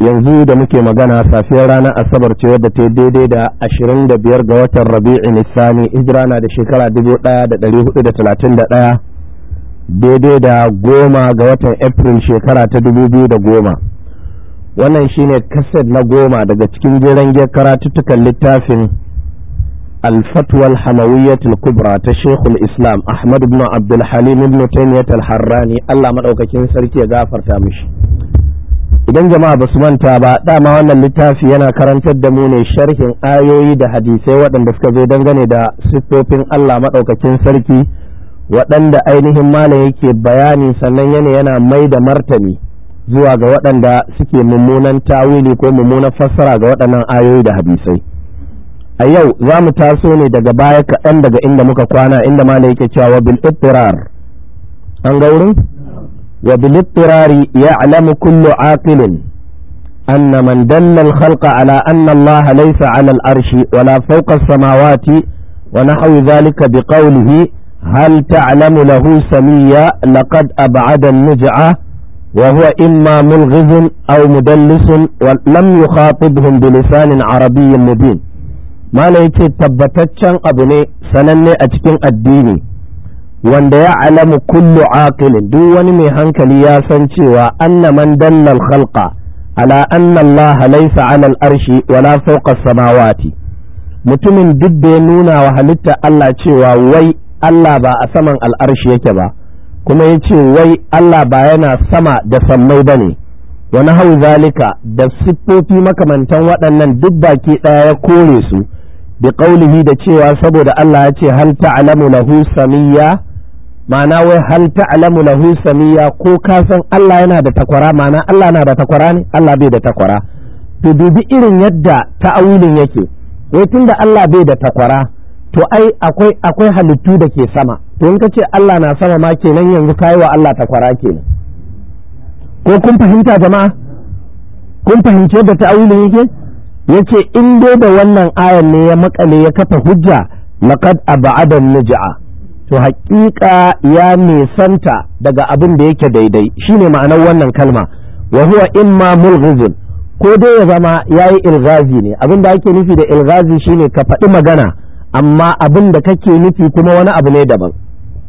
yanzu da muke magana safiyar ranar asabar ce wadda ta daidai da ashirin da biyar ga watan rabi'u nisani hijira da shekara dubu daya da dari hudu da talatin da daya daidai da goma ga watan april shekara ta dubu biyu da goma wannan shine kased na goma daga cikin jiran karatuttukan littafin alfatwal hamawiyatul kubra ta shekul islam ahmad ibn abdul halim ibn taymiyyat al harrani allah madaukakin sarki ya gafarta mishi idan jama'a ba su manta ba dama wannan littafi yana karantar da mu ne sharhin ayoyi da hadisai waɗanda suka zo dangane da siffofin Allah maɗaukakin sarki waɗanda ainihin malam yake bayani sannan yana yana mai da martani zuwa ga waɗanda suke mummunan tawili ko mummunan fassara ga waɗannan ayoyi da hadisai a yau za mu taso ne daga baya kaɗan daga inda muka kwana inda malam yake cewa bil an ga wurin وبالاضطرار يعلم كل عاقل أن من دل الخلق على أن الله ليس على الأرش ولا فوق السماوات ونحو ذلك بقوله هل تعلم له سميا لقد أبعد النجعة وهو إما ملغز أو مدلس ولم يخاطبهم بلسان عربي مبين ما ليتي تبتتشن أبني سنني أتكن الديني wanda ya alamu kullu aqilin duk wani mai hankali ya san cewa anna man dalla al-khalqa ala anna Allah laysa ala al-arshi wala fawqa samawati mutumin duk da ya nuna wa halitta Allah cewa wai Allah ba a saman al-arshi yake ba kuma ya ce wai Allah ba yana sama da sammai ba ne wani hau zalika da siffofi makamantan waɗannan duk baki ɗaya ya kore su bi ƙaulihi da cewa saboda Allah ya ce hal ta'lamu lahu samiyya ma'ana wai hal ta'lamu lahu samiya ko ka san Allah yana da takwara ma'ana Allah na da takwara ne Allah bai da takwara to dubi irin yadda ta'awulin yake wai tunda Allah bai da takwara to ai akwai akwai halittu da ke sama to in kace Allah na sama ma kenan yanzu kaiwa wa Allah takwara kenan ko kun fahimta jama'a kun fahimci yadda ta'awulin yake yace in dai da wannan ayan ne ya makale ya kafa hujja laqad ab'ada nujaa to haƙiƙa ya nisanta daga abin da yake daidai shine ma'anar wannan kalma wa huwa imma mulghizun ko dai ya zama yayi ilgazi ne abin da ake nufi da ilghazi shine ka faɗi magana amma abin da kake nufi kuma wani abu ne daban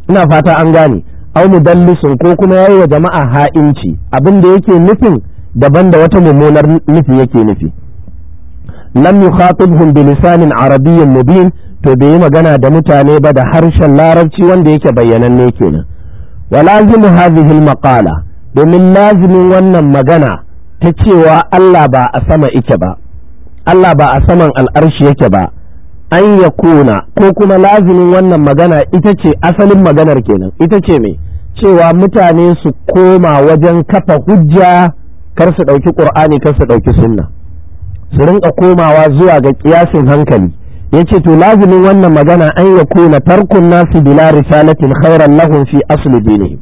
ina fata an gane au mudallisun ko kuma yayi wa jama'a ha'inci abin da yake nufin daban da wata mummunar nufi yake nufi lam yukhatibhum bilisanin arabiyyin mubin to bai yi magana da mutane ba da harshen larabci wanda yake bayyananne kenan wa lazimu hadhihi al-maqala domin lazimin wannan magana ta cewa Allah ba a sama yake ba Allah ba a saman al'arshi yake ba an ya kuna ko kuma lazimin wannan magana ita ce asalin maganar kenan ita ce mai cewa mutane su koma wajen kafa hujja kar su ɗauki ƙur'ani kar su ɗauki sunna su rinka komawa zuwa ga ƙiyasin hankali ya ce to lazimin wannan magana an ya kuna farkon nasu bila risalatin khairan lahum fi asli dinihim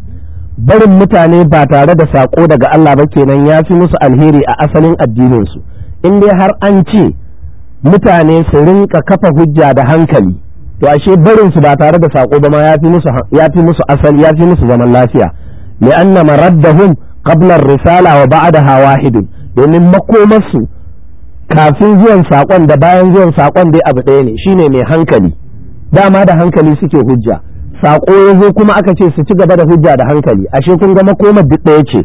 barin mutane ba tare da sako daga Allah ba kenan ya fi musu alheri a asalin addininsu in dai har an ce mutane su rinka kafa hujja da hankali to ashe barin su ba tare da sako ba ma ya fi musu ya fi musu asali ya fi musu zaman lafiya li anna maraddahum qabla ar-risala wa ba'daha wahidun domin su. kafin zuwan saƙon da bayan zuwan saƙon dai abu ɗaya ne shine mai hankali dama da hankali suke hujja saƙo ya zo kuma aka ce su ci gaba da hujja da hankali ashe kun ga makomar duk ɗaya ce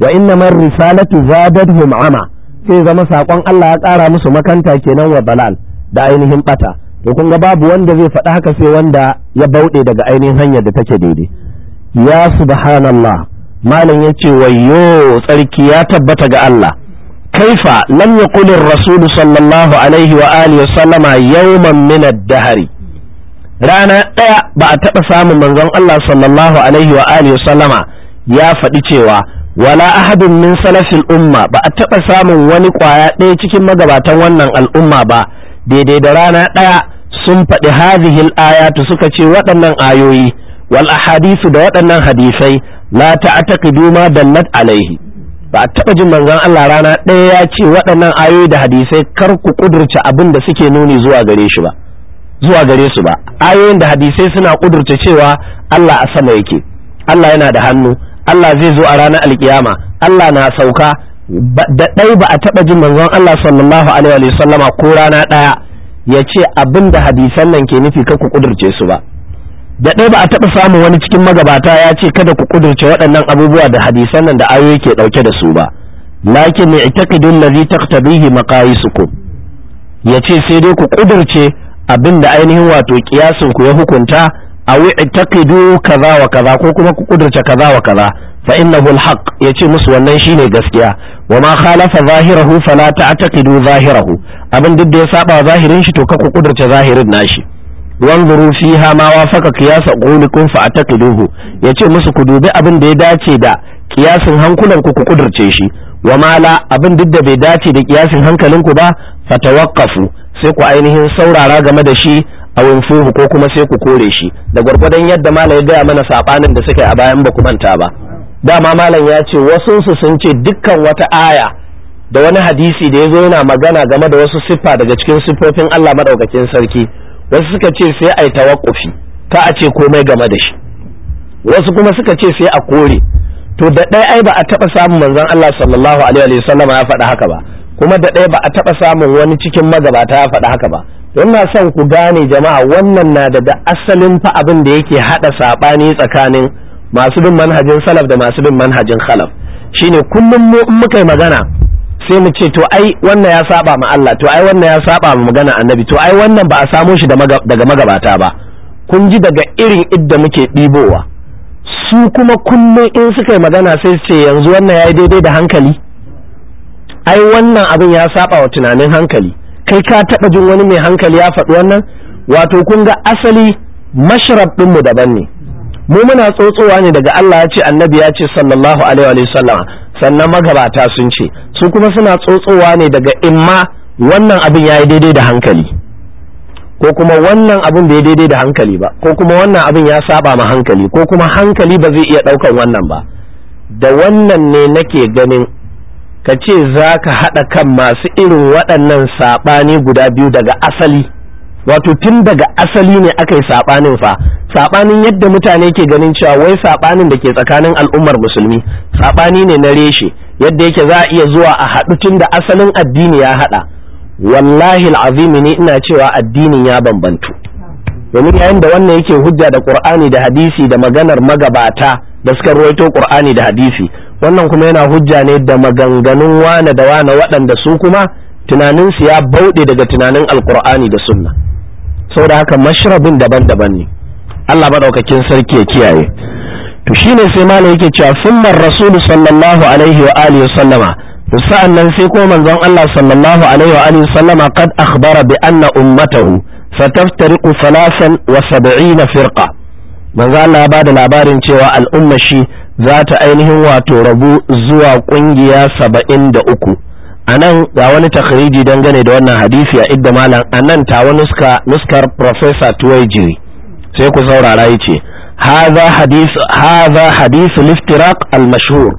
wa inna man risalatu zadadhum ama sai zama saƙon Allah ya ƙara musu makanta kenan wa balal da ainihin bata to kun ga babu wanda zai faɗa haka sai wanda ya bauɗe daga ainihin hanyar da take daidai ya subhanallah malam yace ce wayo tsarki ya tabbata ga Allah kaifa lam yaqul ar-rasul yau alaihi wa alihi wa rana ɗaya ba a taɓa samun manzon Allah sallallahu ya faɗi cewa wala ahadun min salafil umma ba a taɓa samun wani ƙwaya ɗaya cikin magabatan wannan al'umma ba daidai da rana ɗaya sun faɗi hadhihi ayatu suka ce waɗannan ayoyi wal ahadithu da waɗannan hadisai la ta'taqidu ma dallat alaihi ba a taɓa jin manzon Allah rana ɗaya ya ce waɗannan ayoyi da hadisai kar ku ƙudurce abin da suke nuni zuwa gare shi ba zuwa gare su ba ayoyin da hadisai suna ƙudurce cewa Allah a sama yake Allah yana da hannu Allah zai zo a ranar alkiyama Allah na sauka da ɗai ba a taɓa jin manzon Allah sallallahu alaihi wa sallama ko rana ɗaya ya ce abin hadisan nan ke nufi kar ku ƙudurce su ba da ɗaya ba a taɓa samun wani cikin magabata ya ce kada ku kudurce waɗannan abubuwa da hadisan nan da ayoyi ke ɗauke da su ba lakin ne itakidun lazi taqtabihi ya ce sai dai ku kudurce abin da ainihin wato ƙiyasin ku ya hukunta a aw itaqidu kaza wa kaza ko kuma ku kudurce kaza wa kaza fa innahu alhaq ce musu wannan shine gaskiya wa ma khalafa zahirahu fala ta'taqidu zahirahu abin duk da ya saba zahirin shi to ka ku kudurce zahirin nashi wanzuru fiha ma wafaka qiyasa qawlikum fa ataqiduhu yace musu ku dubi abin da ya dace da kiyasin hankulan ku ku kudurce shi wa mala abin duk da bai dace da kiyasin hankalin ku ba fatawaqqafu sai ku ainihin saurara game da shi a wunfuhu ko kuma sai ku kore shi da gwargwadon yadda Malam ya gaya mana sabanin da suka a bayan ba ku manta ba dama malam ya ce wasu su sun ce dukkan wata aya da wani hadisi da ya zo yana magana game da wasu siffa daga cikin siffofin Allah madaukakin sarki wasu suka ce sai a yi tawakkufi ta a ce komai game da shi wasu kuma suka ce sai a kore to da ɗaya ai ba a taɓa samun manzon Allah sallallahu alaihi wa sallam ya faɗa haka ba kuma da ɗaya ba a taɓa samun wani cikin magabata ya faɗa haka ba don na son ku gane jama'a wannan na da asalin fa abin da yake haɗa saɓani tsakanin masu bin manhajin salaf da masu bin manhajin khalaf shine kullum mu in muka yi magana sai mu ce to ai wannan ya saba ma Allah to ai wannan ya saba ma magana annabi to ai wannan ba a samo shi daga magabata ba kun ji daga irin idda muke ɗibowa su kuma kullum in suka yi magana sai su ce yanzu wannan ya yi daidai da hankali ai wannan abin ya saba wa tunanin hankali kai ka taɓa jin wani mai hankali ya faɗi wannan wato kun ga asali mashrab ɗinmu daban ne mu muna tsotsowa ne daga Allah ya ce annabi ya ce sallallahu alaihi wa sallam sannan magabata sun ce su kuma suna tsotsowa ne daga imma wannan abin ya yi daidai da hankali ko kuma wannan abin bai daidai da hankali ba ko kuma wannan abin ya saba ma hankali ko kuma hankali ba zai iya ɗaukan wannan ba da wannan ne nake ganin ka ce za ka haɗa kan masu irin waɗannan saɓani guda biyu daga asali wato tun daga asali ne aka yi saɓanin fa saɓanin yadda mutane ke ganin cewa wai saɓanin da ke tsakanin al'ummar musulmi saɓani ne na reshe yadda yake za a iya zuwa a haɗu tun da asalin addini ya haɗa wallahi al'azimi ne ina cewa addinin ya bambantu domin yayin da wannan yake hujja da qur'ani da hadisi da maganar magabata da suka ruwaito qur'ani da hadisi wannan kuma yana hujja ne da maganganun wane da wane waɗanda su kuma tunaninsu ya bauɗe daga tunanin alqur'ani da sunna saboda haka mashrabin daban-daban ne Allah maɗaukakin sarki ya kiyaye to shine sai mala yake cewa sunnar rasul sallallahu alaihi wa alihi sallama sa'an nan sai kuma manzon Allah sallallahu alaihi wa alihi sallama kad akhbara bi anna ummatahu sataftariqu thalathan wa sab'ina firqa manzo Allah ba da labarin cewa al'umma shi za ta ainihin wato rabu zuwa kungiya saba'in da uku a nan ga wani takariji dangane da wannan hadisi a idda malam a nan tawa nuska nuskar professor tuwaijiri sai ku saurara yace ce haza hadith hadha hadith al-iftiraq al-mashhur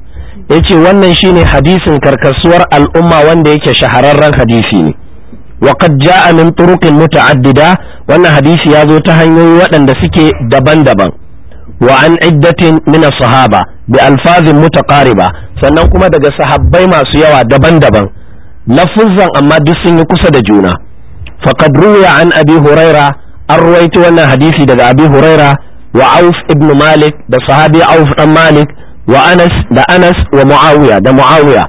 yace wannan shine hadisin karkasuwar al'umma wanda yake shahararren hadisi ne wa qad ja'a min turuqin muta'addida wannan hadisi ya zo ta hanyoyi waɗanda suke daban-daban wa an iddatin min sahaba bi alfazin mutaqariba sannan kuma daga sahabbai masu yawa daban-daban lafuzan amma duk sun yi kusa da juna faqad ruwiya an abi huraira an ruwaito wannan hadisi daga abi huraira wa Auf ibn Malik da sahabi Auf dan Malik wa Anas da Anas wa Muawiya da Muawiya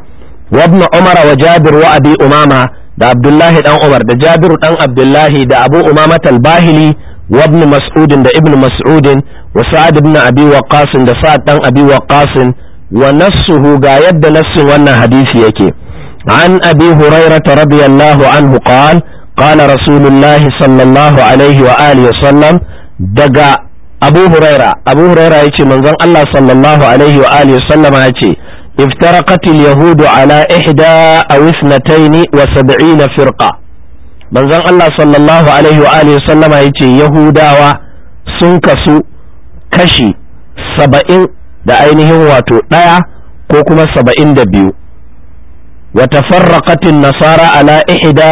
wa ibn Umar wa Jabir wa Abi Umama da Abdullahi dan Umar da Jabiru dan Abdullahi da Abu Umama al-Bahili wa ibn Mas'ud da ibn Mas'ud wa Sa'ad ibn Abi Waqqas da Sa'ad dan Abi Waqqas wa nassuhu ga yadda nassin wannan hadisi yake عن أبي هريرة رضي الله عنه قال قال رسول الله صلى الله عليه وآله وسلم دقا abu huraira abu huraira ya ce manzon allah sallallahu alaihi wa alihi sallama ya ce افترقت ala ihda إحدى أو wa وسبعين فرقة manzon Allah sallallahu alaihi wa alihi sallama ya ce Yahudawa sun kasu kashi saba'in da ainihin wato ɗaya ko kuma saba'in da biyu wa tafarraqatin nasara ala ihda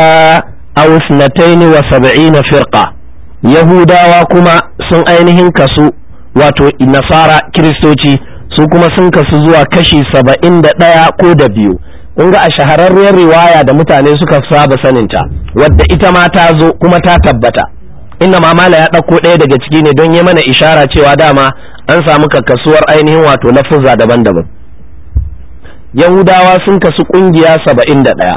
aw ithnatayn wa sab'ina firqa yahudawa kuma sun ainihin kasu wato nasara kiristoci su kuma sun kasu zuwa kashi saba'in da ɗaya ko da biyu kun ga a shahararriyar riwaya da mutane suka saba saninta wadda ita ma ta zo kuma ta tabbata inna ma mala ya ɗauko ɗaya daga ciki ne don yi mana ishara cewa dama an samu kakkasuwar ainihin wato lafuzza daban-daban yahudawa sun kasu ƙungiya saba'in da ɗaya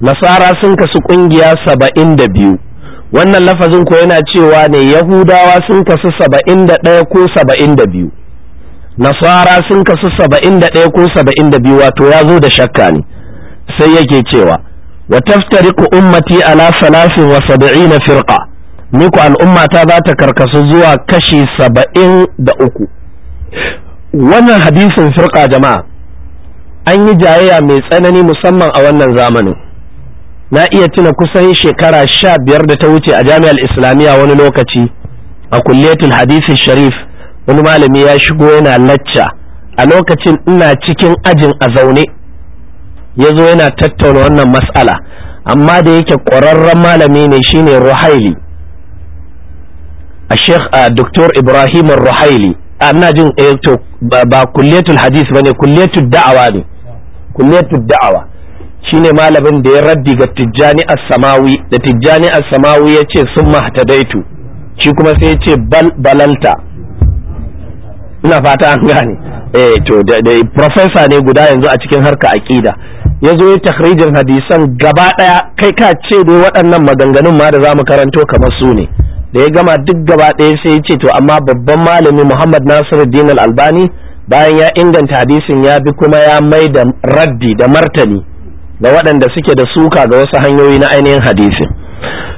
nasara sun kasu ƙungiya saba'in da biyu wannan lafazin ko yana cewa ne yahudawa sun kasu saba'in da ɗaya ko saba'in da biyu nasara sun kasu saba'in da ɗaya ko saba'in da biyu wato ya zo da shakka ne sai yake cewa wa taftari ku ummati ala salasin wa na firka ni ku al'ummata za ta karkasu zuwa kashi saba'in da uku wannan hadisin firka jama'a an yi jayayya mai tsanani musamman a wannan zamanin na iya tuna kusan shekara sha biyar da ta wuce a jami'ar islamiyya wani lokaci a kulliyatul hadisi sharif wani malami ya shigo yana lacca a lokacin ina cikin ajin a zaune ya zo yana tattauna wannan mas'ala amma da yake ƙwararren malami ne shine ruhaili a sheikh a doktor ibrahim ruhaili Ina jin eh, to ba kulletul hadis bane ne da'awa ne da'awa shine malamin da ya raddi ga tijjani as-samawi da tijjani as-samawi ya sun mahtadaitu shi kuma sai yace bal balalta ina fata an gane eh to da professor ne guda yanzu a cikin harka aqida ya zo ya takhrijin hadisan gaba daya kai ka ce dai waɗannan maganganun ma da zamu karanto kamar su ne da ya gama duk gaba daya sai yace to amma babban malami Muhammad Nasiruddin Al-Albani bayan ya inganta hadisin ya bi kuma ya mai da raddi da martani ga waɗanda suke da suka ga wasu hanyoyi na ainihin hadisi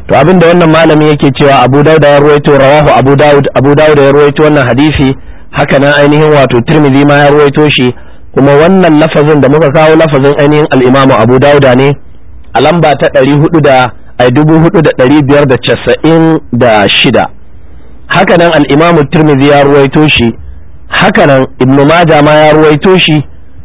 to abin da wannan malami yake cewa abu dauda ya ruwaito rawahu abu dawud abu dawud ya ruwaito wannan hadisi haka nan ainihin wato tirmidhi ma ya ruwaito shi kuma wannan lafazin da muka kawo lafazin ainihin al-imam abu dawud ne a lamba ta 400 da ai 4596 haka nan al-imam tirmidhi ya ruwaito shi haka nan ibnu majah ma ya ruwaito shi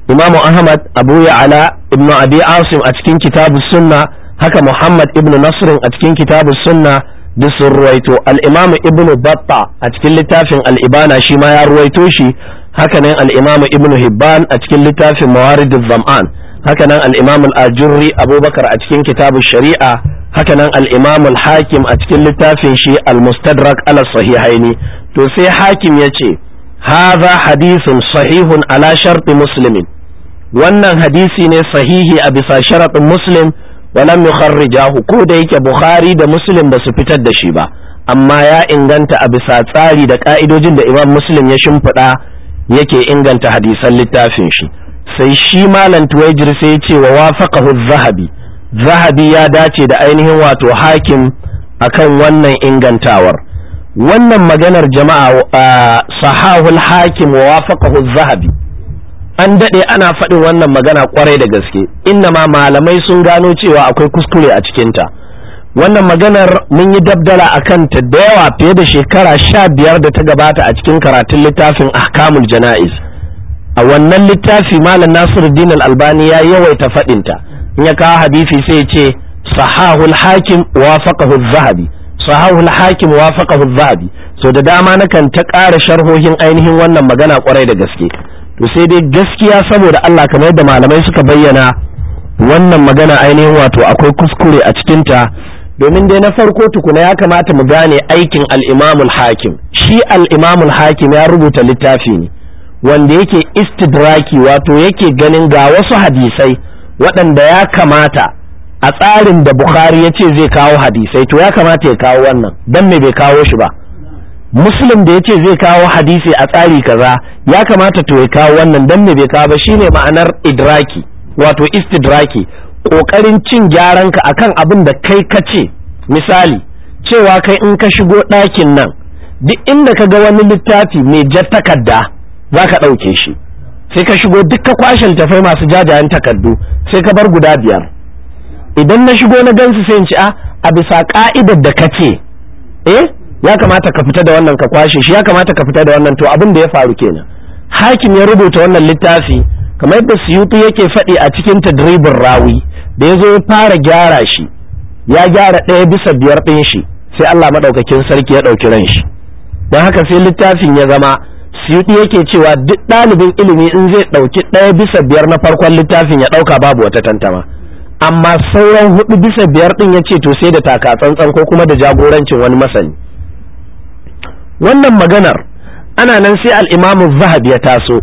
imam ahmad abu ya'ala ibnu abi asim a cikin kitabu sunna haka muhammad ibn nasr a cikin kitabu sunna duk sun ruwaito al-imam ibnu batta a cikin littafin al'ibana shima ya ruwaito shi hakanan nan al-imam ibnu hibban a cikin littafin mawaridiz zam'an haka nan al-imam al-ajurri abubakar a cikin kitabu shari'a hakanan nan al-imam hakim a cikin littafin shi al-mustadrak ala sahihaini to sai hakim ya ce hadha hadithun sahihun ala sharti muslimin wannan hadisi ne sahihi a bisa sharaɗin muslim walam yukharrijahu ko da yake bukhari da muslim ba su fitar da shi ba amma ya inganta a bisa tsari da ka'idojin da imam muslim ya shimfiɗa yake inganta hadisan littafin shi sai shi malam tuwajir sai ya ce wa wafaqahu zahabi zahabi ya dace da ainihin wato hakim akan wannan ingantawar wannan maganar jama'a sahahul hakim wa wafaqahu zahabi an daɗe ana faɗin wannan magana kwarai da gaske inna ma malamai sun gano cewa akwai kuskure a cikinta wannan maganar mun yi dabdala a kanta da yawa fiye da shekara sha biyar da ta gabata a cikin karatun littafin ahkamul jana'iz a wannan littafi malam nasiru al-albani ya yawaita faɗinta in ya kawo hadisi sai ce sahahul hakim wafaqahu zahabi sahahul hakim wafaqahu zahabi so da dama nakan ta ƙara sharhohin ainihin wannan magana kwarai da gaske to sai dai gaskiya saboda Allah kamar yadda malamai suka bayyana wannan magana ainihin wato akwai kuskure a cikinta domin dai na farko tukuna ya kamata mu gane aikin al'imamul hakim shi al'imamul hakim ya rubuta littafi ne wanda yake istidraki wato yake ganin ga wasu hadisai waɗanda ya kamata a tsarin da bukhari ya ce zai kawo hadisai to ya kamata ya kawo wannan don me bai kawo shi ba muslim da ya ce zai kawo hadisi a tsari kaza ya kamata to ya kawo wannan dan me bai kawo ba shine ma'anar idraki wato istidraki kokarin cin gyaran ka akan abin da kai ka ce misali cewa kai in ka shigo ɗakin nan duk inda ka ga wani littafi mai ja takarda za ka ɗauke shi sai ka shigo duk ka kwashe littafai masu jajayen takardu sai ka bar guda biyar idan na shigo na gansu sai in ci ah, a bisa ka'idar da ka ce eh ya kamata ka fita da wannan ka kwashe shi ya kamata ka fita da wannan to abin da ya faru kenan hakim ya rubuta wannan littafi kamar yadda suyuti yake faɗi a cikin tadribin rawi da ya zo ya fara gyara shi ya gyara ɗaya bisa biyar ɗin shi sai Allah maɗaukakin sarki ya ɗauki ran shi don haka sai littafin ya zama suyuti yake cewa duk ɗalibin ilimi in zai ɗauki ɗaya bisa biyar na farkon littafin ya ɗauka babu wata tantama amma sauran hudu bisa biyar ɗin ya ce to sai da taka tsantsan ko kuma da jagorancin wani masani wannan maganar ana nan sai al'imamu zahab ya taso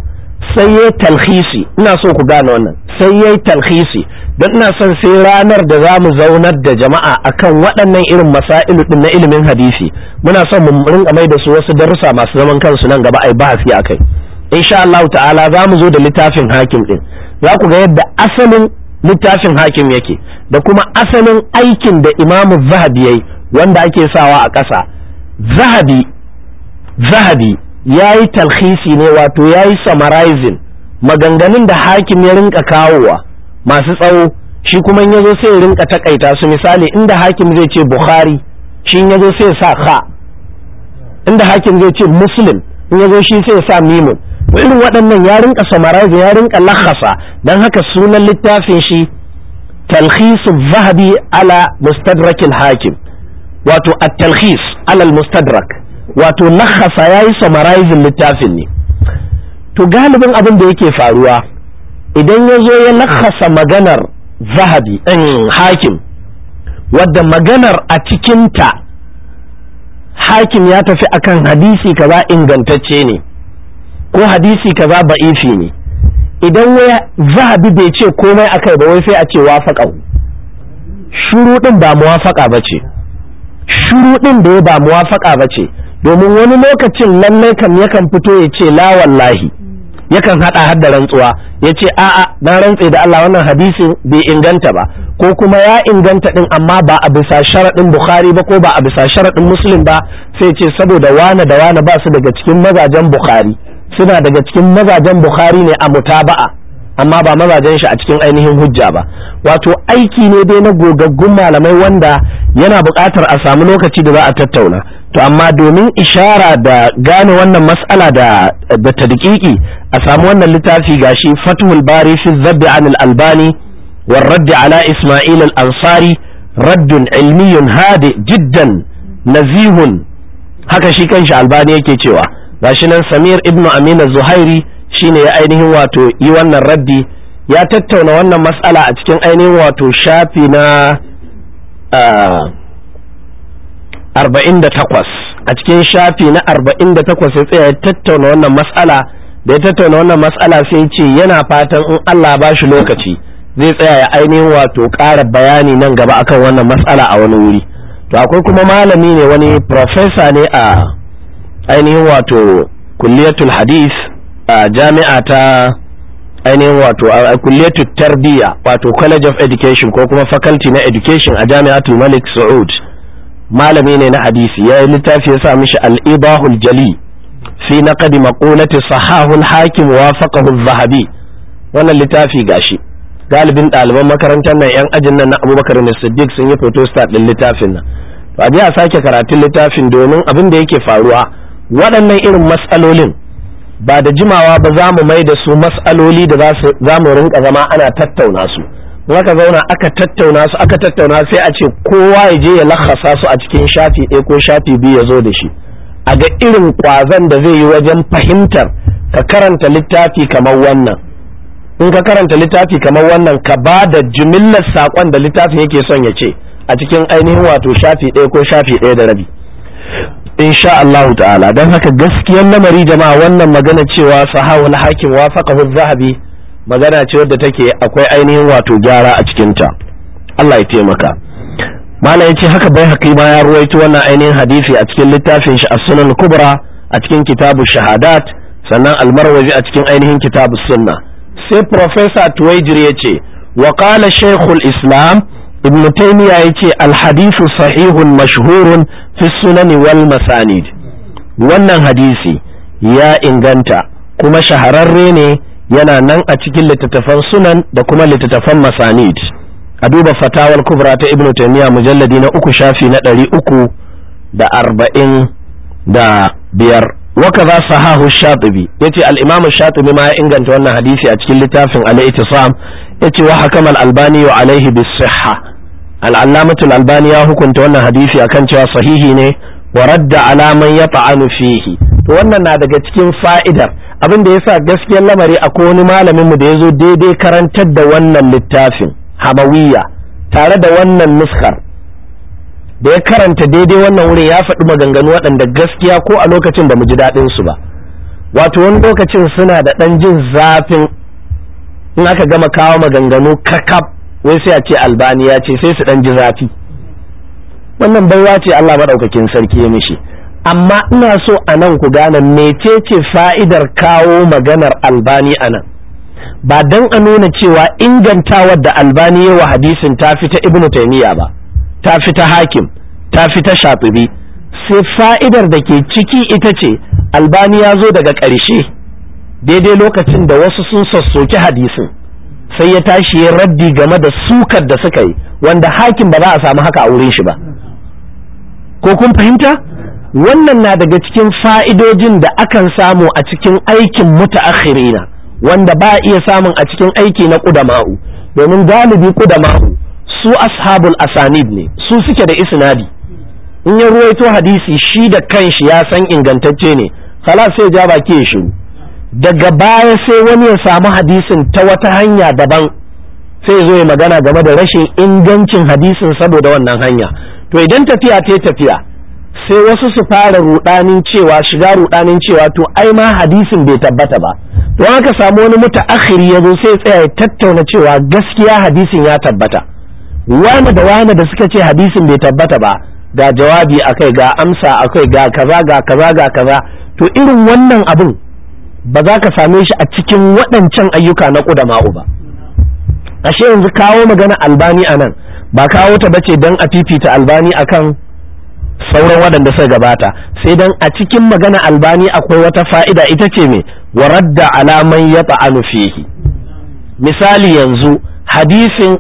sai ya talhisi ina so ku gane wannan sai ya talhisi don ina son sai ranar da za mu zaunar da jama'a akan waɗannan irin masailu ɗin na ilimin hadisi muna son mu rinka mai da su wasu darussa masu zaman kansu nan gaba ai bahasi akai insha Allah ta'ala za mu zo da littafin hakim ɗin za ku ga yadda asalin littafin hakim yake da kuma asalin aikin da imamu zahabi yayi wanda ake sawa a ƙasa zahabi zahabi ya yi talhisi ne wato ya yi summarizing maganganun da hakim ya rinka kawowa masu tsawo shi kuma in yazo sai ya rinka takaita su misali inda hakim zai ce bukhari shi in yazo sai ya sa kha inda hakim zai ce muslim in yazo shi sai ya sa mimun irin waɗannan ya rinka summarizing ya rinka lakasa don haka sunan littafin shi talhisu zahabi ala mustadrakin hakim wato at-talhis ala mustadrak wato nahasa ya yi summarizing littafin ne to galibin abin da yake faruwa idan ya zo ya nahasa maganar zahabi ɗin eh, hakim wadda maganar a cikinta hakim ya tafi akan hadisi kaza ingantacce ne ko hadisi kaza ba'ifi ne idan wai zahabi bai ce komai a kai ba wai sai a ce wafaka shuru ɗin ba muwafaka ba ce shuru ɗin da ya ba muwafaka ba ce domin wani lokacin lallai kan yakan fito ya ce la wallahi yakan hada har da rantsuwa ya ce a'a na rantse da Allah wannan hadisin bai inganta ba ko kuma ya inganta din amma ba a bisa sharaɗin Bukhari ba ko ba a bisa sharaɗin Muslim ba sai ce saboda wane da wane ba su daga cikin mazajen Bukhari suna daga cikin mazajen Bukhari ne a mutaba'a amma ba mazajen shi a cikin ainihin hujja ba wato aiki ne dai na gogaggun malamai wanda yana buƙatar a samu lokaci da za a tattauna to amma domin ishara da gane wannan mas'ala da da tadqiqi a samu wannan littafi gashi Fathul Bari fi Zabb an al-Albani wa Radd ala Isma'il al-Ansari radd ilmi hadi jiddan nazihun haka shi kanshi Albani yake cewa gashi nan Samir ibnu Amin az-Zuhairi shine ya ainihin wato yi wannan raddi ya tattauna wannan mas'ala a cikin ainihin wato shafi na ah, 48 a cikin shafi na 48 ya tsaya ya tattauna wannan mas'ala da ya tattauna wannan mas'ala sai ce yana fatan in Allah ba shi lokaci zai tsaya ya ainihin wato ƙara bayani nan gaba akan wannan mas'ala a wani wuri to akwai kuma malami ne wani professor ne a ainihin wato kulliyatul hadis a jami'a ta ainihin wato a kulliyatul tarbiyya wato college of education ko kuma faculty na education a jami'atul malik saud malami ne na hadisi ya yi littafi ya sa mishi alibahul jali fi naqdi maqulati sahahul hakim wa az-zahabi wannan littafi shi galibin ɗaliban makarantar nan yan ajin nan na Abubakar ne Siddiq sun yi photostat ɗin littafin nan to a a sake karatun littafin domin abin da yake faruwa waɗannan irin matsalolin ba da jimawa ba za mu mai da su matsaloli da za mu rinka zama ana tattauna su zaka zauna aka tattauna su aka tattauna sai a ce kowa ya je ya lakasa su a cikin shafi ɗaya ko shafi biyu ya zo da shi a ga irin ƙwazon da zai yi wajen fahimtar ka karanta littafi kamar wannan in ka karanta littafi kamar wannan ka ba da jimillar saƙon da littafin yake son ya ce a cikin ainihin wato shafi ɗaya ko shafi ɗaya da rabi insha Allah ta'ala don haka gaskiyar lamari jama'a wannan magana cewa sahawul hakim wafaqahu zahabi magana ce wadda take akwai ainihin wato gyara a cikinta Allah ya taimaka malam yace haka bai haƙi ma ya ruwaito wannan ainihin hadisi a cikin littafin shi sunan kubra a cikin kitabu shahadat sannan almarwazi a cikin ainihin kitabu sunna sai professor tuwaijir yace wa qala shaykhul islam ibn taymiya yace al-hadithu sahihun mashhurun fi sunan wal masanid wannan hadisi ya inganta kuma shahararre ne yana nan a cikin littattafan sunan da kuma littattafan masanid a duba fatawar kubra ta ibnu taymiya mujalladi na uku shafi na ɗari uku da arba'in da biyar waka za sahahu shatibi ya ce al'imamu shatibi ma ya inganta wannan hadisi a cikin littafin al'itisam ya ce wa hakam al'albani wa alaihi bis siha al'allamatul albani ya hukunta wannan hadisi akan cewa sahihi ne wa radda alaman ya ta'anu to wannan na daga cikin fa'idar abin da yasa gaskiyar lamari a wani malamin mu da yazo daidai karantar da wannan littafin hamawiya tare da wannan nuskar da ya karanta daidai wannan wurin ya faɗi maganganu waɗanda gaskiya ko a lokacin ba mu ji daɗin su ba wato wani lokacin suna da ɗan jin zafin in aka gama kawo maganganu kakaf wai sai a ce albaniya ce sai su ɗan ji zafi wannan baiwa ce Allah maɗaukakin sarki ya mishi amma ina so a nan ku gane mecece fa'idar kawo maganar albani a nan ba don a nuna cewa ingantawar da albani ya wa hadisin ta fita ibnu taimiyya ba ta fita hakim ta fita shafibi sai fa'idar da ke ciki ita ce albani ya zo daga ƙarshe daidai lokacin da wasu sun sassoki hadisin sai ya tashi ya raddi game da sukar da suka yi wanda hakim ba za a samu haka a wurin shi ba ko kun fahimta wannan na daga cikin fa'idojin da akan samu a cikin aikin mutaakhirina wanda ba iya samun a cikin aiki na ƙudama'u domin galibi ƙudama'u su ashabul asanid ne su suke da isnadi in ya ruwaito hadisi shi da kanshi ya san ingantacce ne kala sai ja baki ya shiru daga baya sai wani ya samu hadisin ta wata hanya daban sai zo ya magana game da rashin ingancin hadisin saboda wannan hanya to idan tafiya ta tafiya sai wasu su fara rudanin cewa shiga rudanin cewa to ai ma hadisin bai tabbata ba to haka samu wani ya yazo sai tsaya ya tattauna cewa gaskiya hadisin ya tabbata wani da wani da suka ce hadisin bai tabbata ba ga jawabi akai ga amsa akai ga kaza ga kaza ga kaza to irin wannan abin ba za ka same shi a cikin waɗancan ayyuka na ƙudama'u ba ashe yanzu kawo magana albani a nan ba kawo ta bace don a fifita albani akan sauran waɗanda suka gabata sai dan a cikin magana albani akwai wata fa'ida ita ce me wa radda alaman ya ta'anu fihi misali yanzu hadisin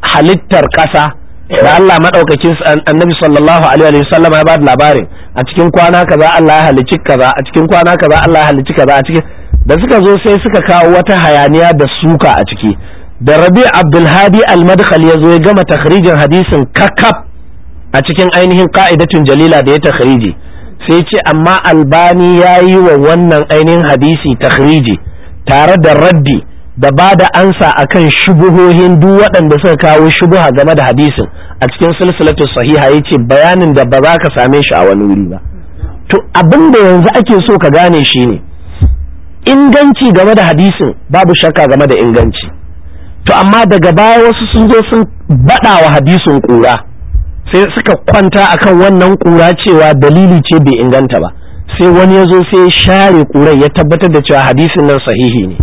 halittar ƙasa da Allah madaukakin annabi sallallahu alaihi wa sallam ya bada labarin a cikin kwana kaza Allah ya halicci kaza a cikin kwana kaza Allah ya halicci kaza a cikin da suka zo sai suka kawo wata hayaniya da suka a ciki da Rabi Abdul Hadi Al-Madkhali ya zo ya gama takhrijin hadisin kakab a cikin ainihin ka'idatun jalila da ya takhriji sai ce amma albani ya yi wa wannan ainihin hadisi takhriji tare da raddi da ba da ansa akan shubuhohin duk waɗanda suka kawo shubuha game da hadisin a cikin silsilatu sahiha ya ce bayanin da ba za ka same shi a wani wuri ba to abin da yanzu ake so ka gane shi ne inganci game da hadisin babu shakka game da inganci to amma daga baya wasu sun zo sun baɗa wa hadisin ƙura sai suka kwanta akan wannan kura cewa dalili ce bai inganta ba sai wani ya zo sai share kurai ya tabbatar da cewa hadisin nan sahihi ne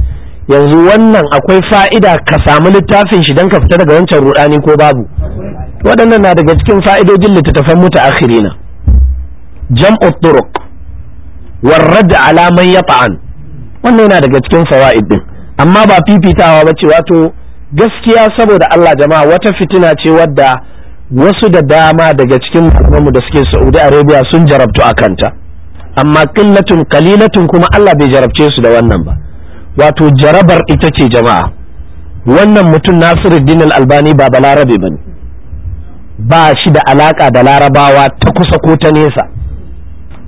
yanzu wannan akwai fa'ida ka samu littafin shi don ka fita daga wancan rudani ko babu waɗannan na daga cikin fa'idojin littattafan mutu akhirina jam'u turuq warrad ala man yata'an wannan yana daga cikin fawaid din amma ba fifitawa ba ce wato gaskiya saboda Allah jama'a wata fitina ce wadda wasu da dama daga cikin mu da suke saudi arabia sun jarabtu a kanta amma qillatun qalilatun kuma allah bai jarabce su da wannan ba wato jarabar ita ce jama'a wannan mutum nasiruddin al-albani ba balarabe ba ba shi da alaka da larabawa ta kusa ko ta nesa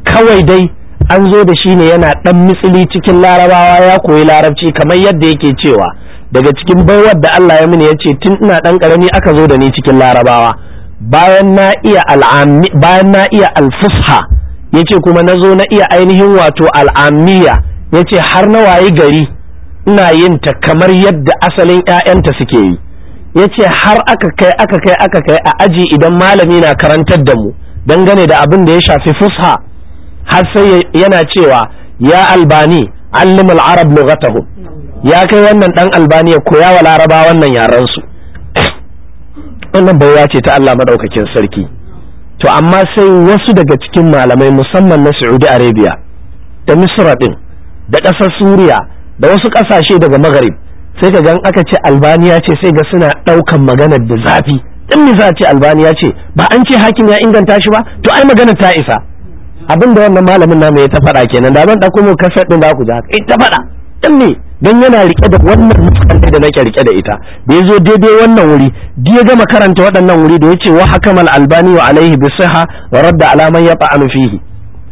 kawai dai an zo da shi ne yana ɗan mitsili cikin larabawa ya koyi larabci kamar yadda yake cewa daga cikin baiwar da Allah ya mini ya ce tun ina ɗan karami aka zo da ni cikin larabawa bayan na iya bayan na iya alfusha yace kuma nazo na iya ainihin wato al'amiya yace har na wayi gari ina yin ta kamar yadda asalin ƴaƴanta suke yi yace har aka kai aka kai aka kai a aji idan malami na karantar da mu dangane da abin da ya shafi fusha har sai yana cewa ya albani allimul arab lughatahu ya kai wannan dan albani ya koya wa laraba wannan yaran wannan baiwa ce ta Allah madaukakin sarki to amma sai wasu daga cikin malamai musamman na Saudi Arabia da Misra din da ƙasar Suriya da wasu ƙasashe daga Maghrib sai ka gan aka ce Albaniya ce sai ga suna ɗaukan maganar da zafi in za ce Albania ce ba an ce hakim ya inganta shi ba to ai maganar ta isa abin da wannan malamin namu ya ta faɗa kenan da ban ɗauko mu kasar ɗin da ku ja, ita eh, ta faɗa in ne don yana rike da wannan nuskan da nake rike da ita da ya zo daidai wannan wuri duk ya gama karanta waɗannan wuri da ya wa hakamal albani wa alaihi bi siha wa radda alaman ya ta'anu fihi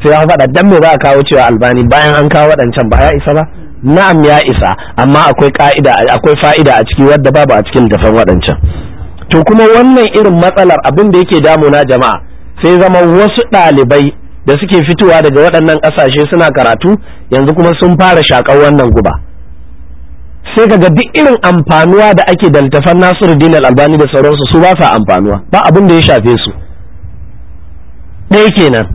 sai ya faɗa dan me za a kawo cewa albani bayan an kawo waɗancan ba ya isa ba na'am ya isa amma akwai ka'ida akwai fa'ida a ciki wadda babu a cikin dafan waɗancan to kuma wannan irin matsalar abin da yake damuna jama'a sai zama wasu ɗalibai da suke fitowa daga waɗannan ƙasashe suna karatu yanzu kuma sun fara shakar wannan guba sai ka ga duk irin amfanuwa da ake da littafan nasiru al albani da sauransu su ba sa amfanuwa ba abin da ya shafe su ɗaya kenan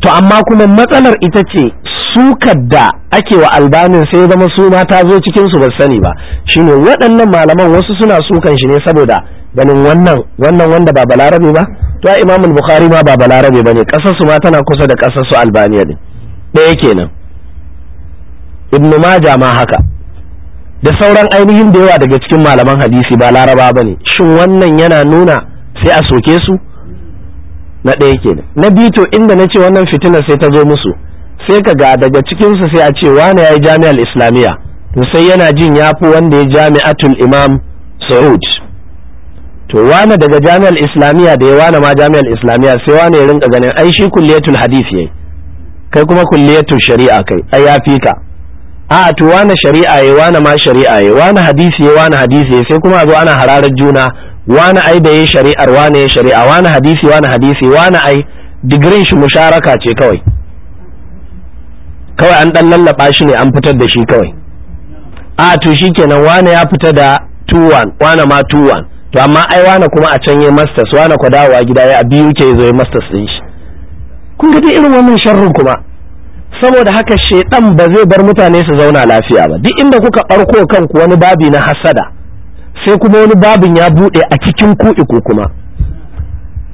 to amma kuma matsalar ita ce sukar da ake wa albanin sai zama su ma ta zo cikin su ba sani ba shine waɗannan malaman wasu suna sukan shi ne saboda ganin wannan wannan wanda ba balarabe ba to imam bukhari ma ba balarabe bane kasar su ma tana kusa da kasar su albaniya din ɗaya kenan ibnu majah ma haka da sauran ainihin da yawa daga cikin malaman hadisi ba laraba ba ne shin wannan yana nuna sai a soke su na ɗaya da. na biyu to inda na ce wannan fitinar sai ta zo musu sai ka ga daga cikinsu sai a ce wane ya yi jami'ar islamiyya to sai yana jin ya fi wanda ya jami'atul imam saud to wane daga jami'ar islamiyya da ya wane ma jami'ar islamiyya sai wane ya rinka ganin ai shi kulliyatul hadisi yayi kai kuma kulliyatul shari'a kai ai ya fi ka a to wani shari'a ya wani ma shari'a ya wani hadisi ya wani hadisi ya sai kuma a zo ana hararar juna wani ai da ya shari'ar wani ya shari'a wani hadisi wani hadisi wani ai digirin shi musharaka ce kawai kawai an dan lallaba shi ne an fitar da shi kawai a to shikenan wani ya fita da 2-1 wani ma 2 to amma ai wani kuma a can ya masters wani kwa gida ya biyu ke zo yi masters din shi kun ga irin wannan sharrin kuma saboda haka shaidan ba zai bar mutane su zauna lafiya ba duk inda kuka barko kanku wani babi na hasada sai kuma wani babin ya bude a cikin ku iku kuma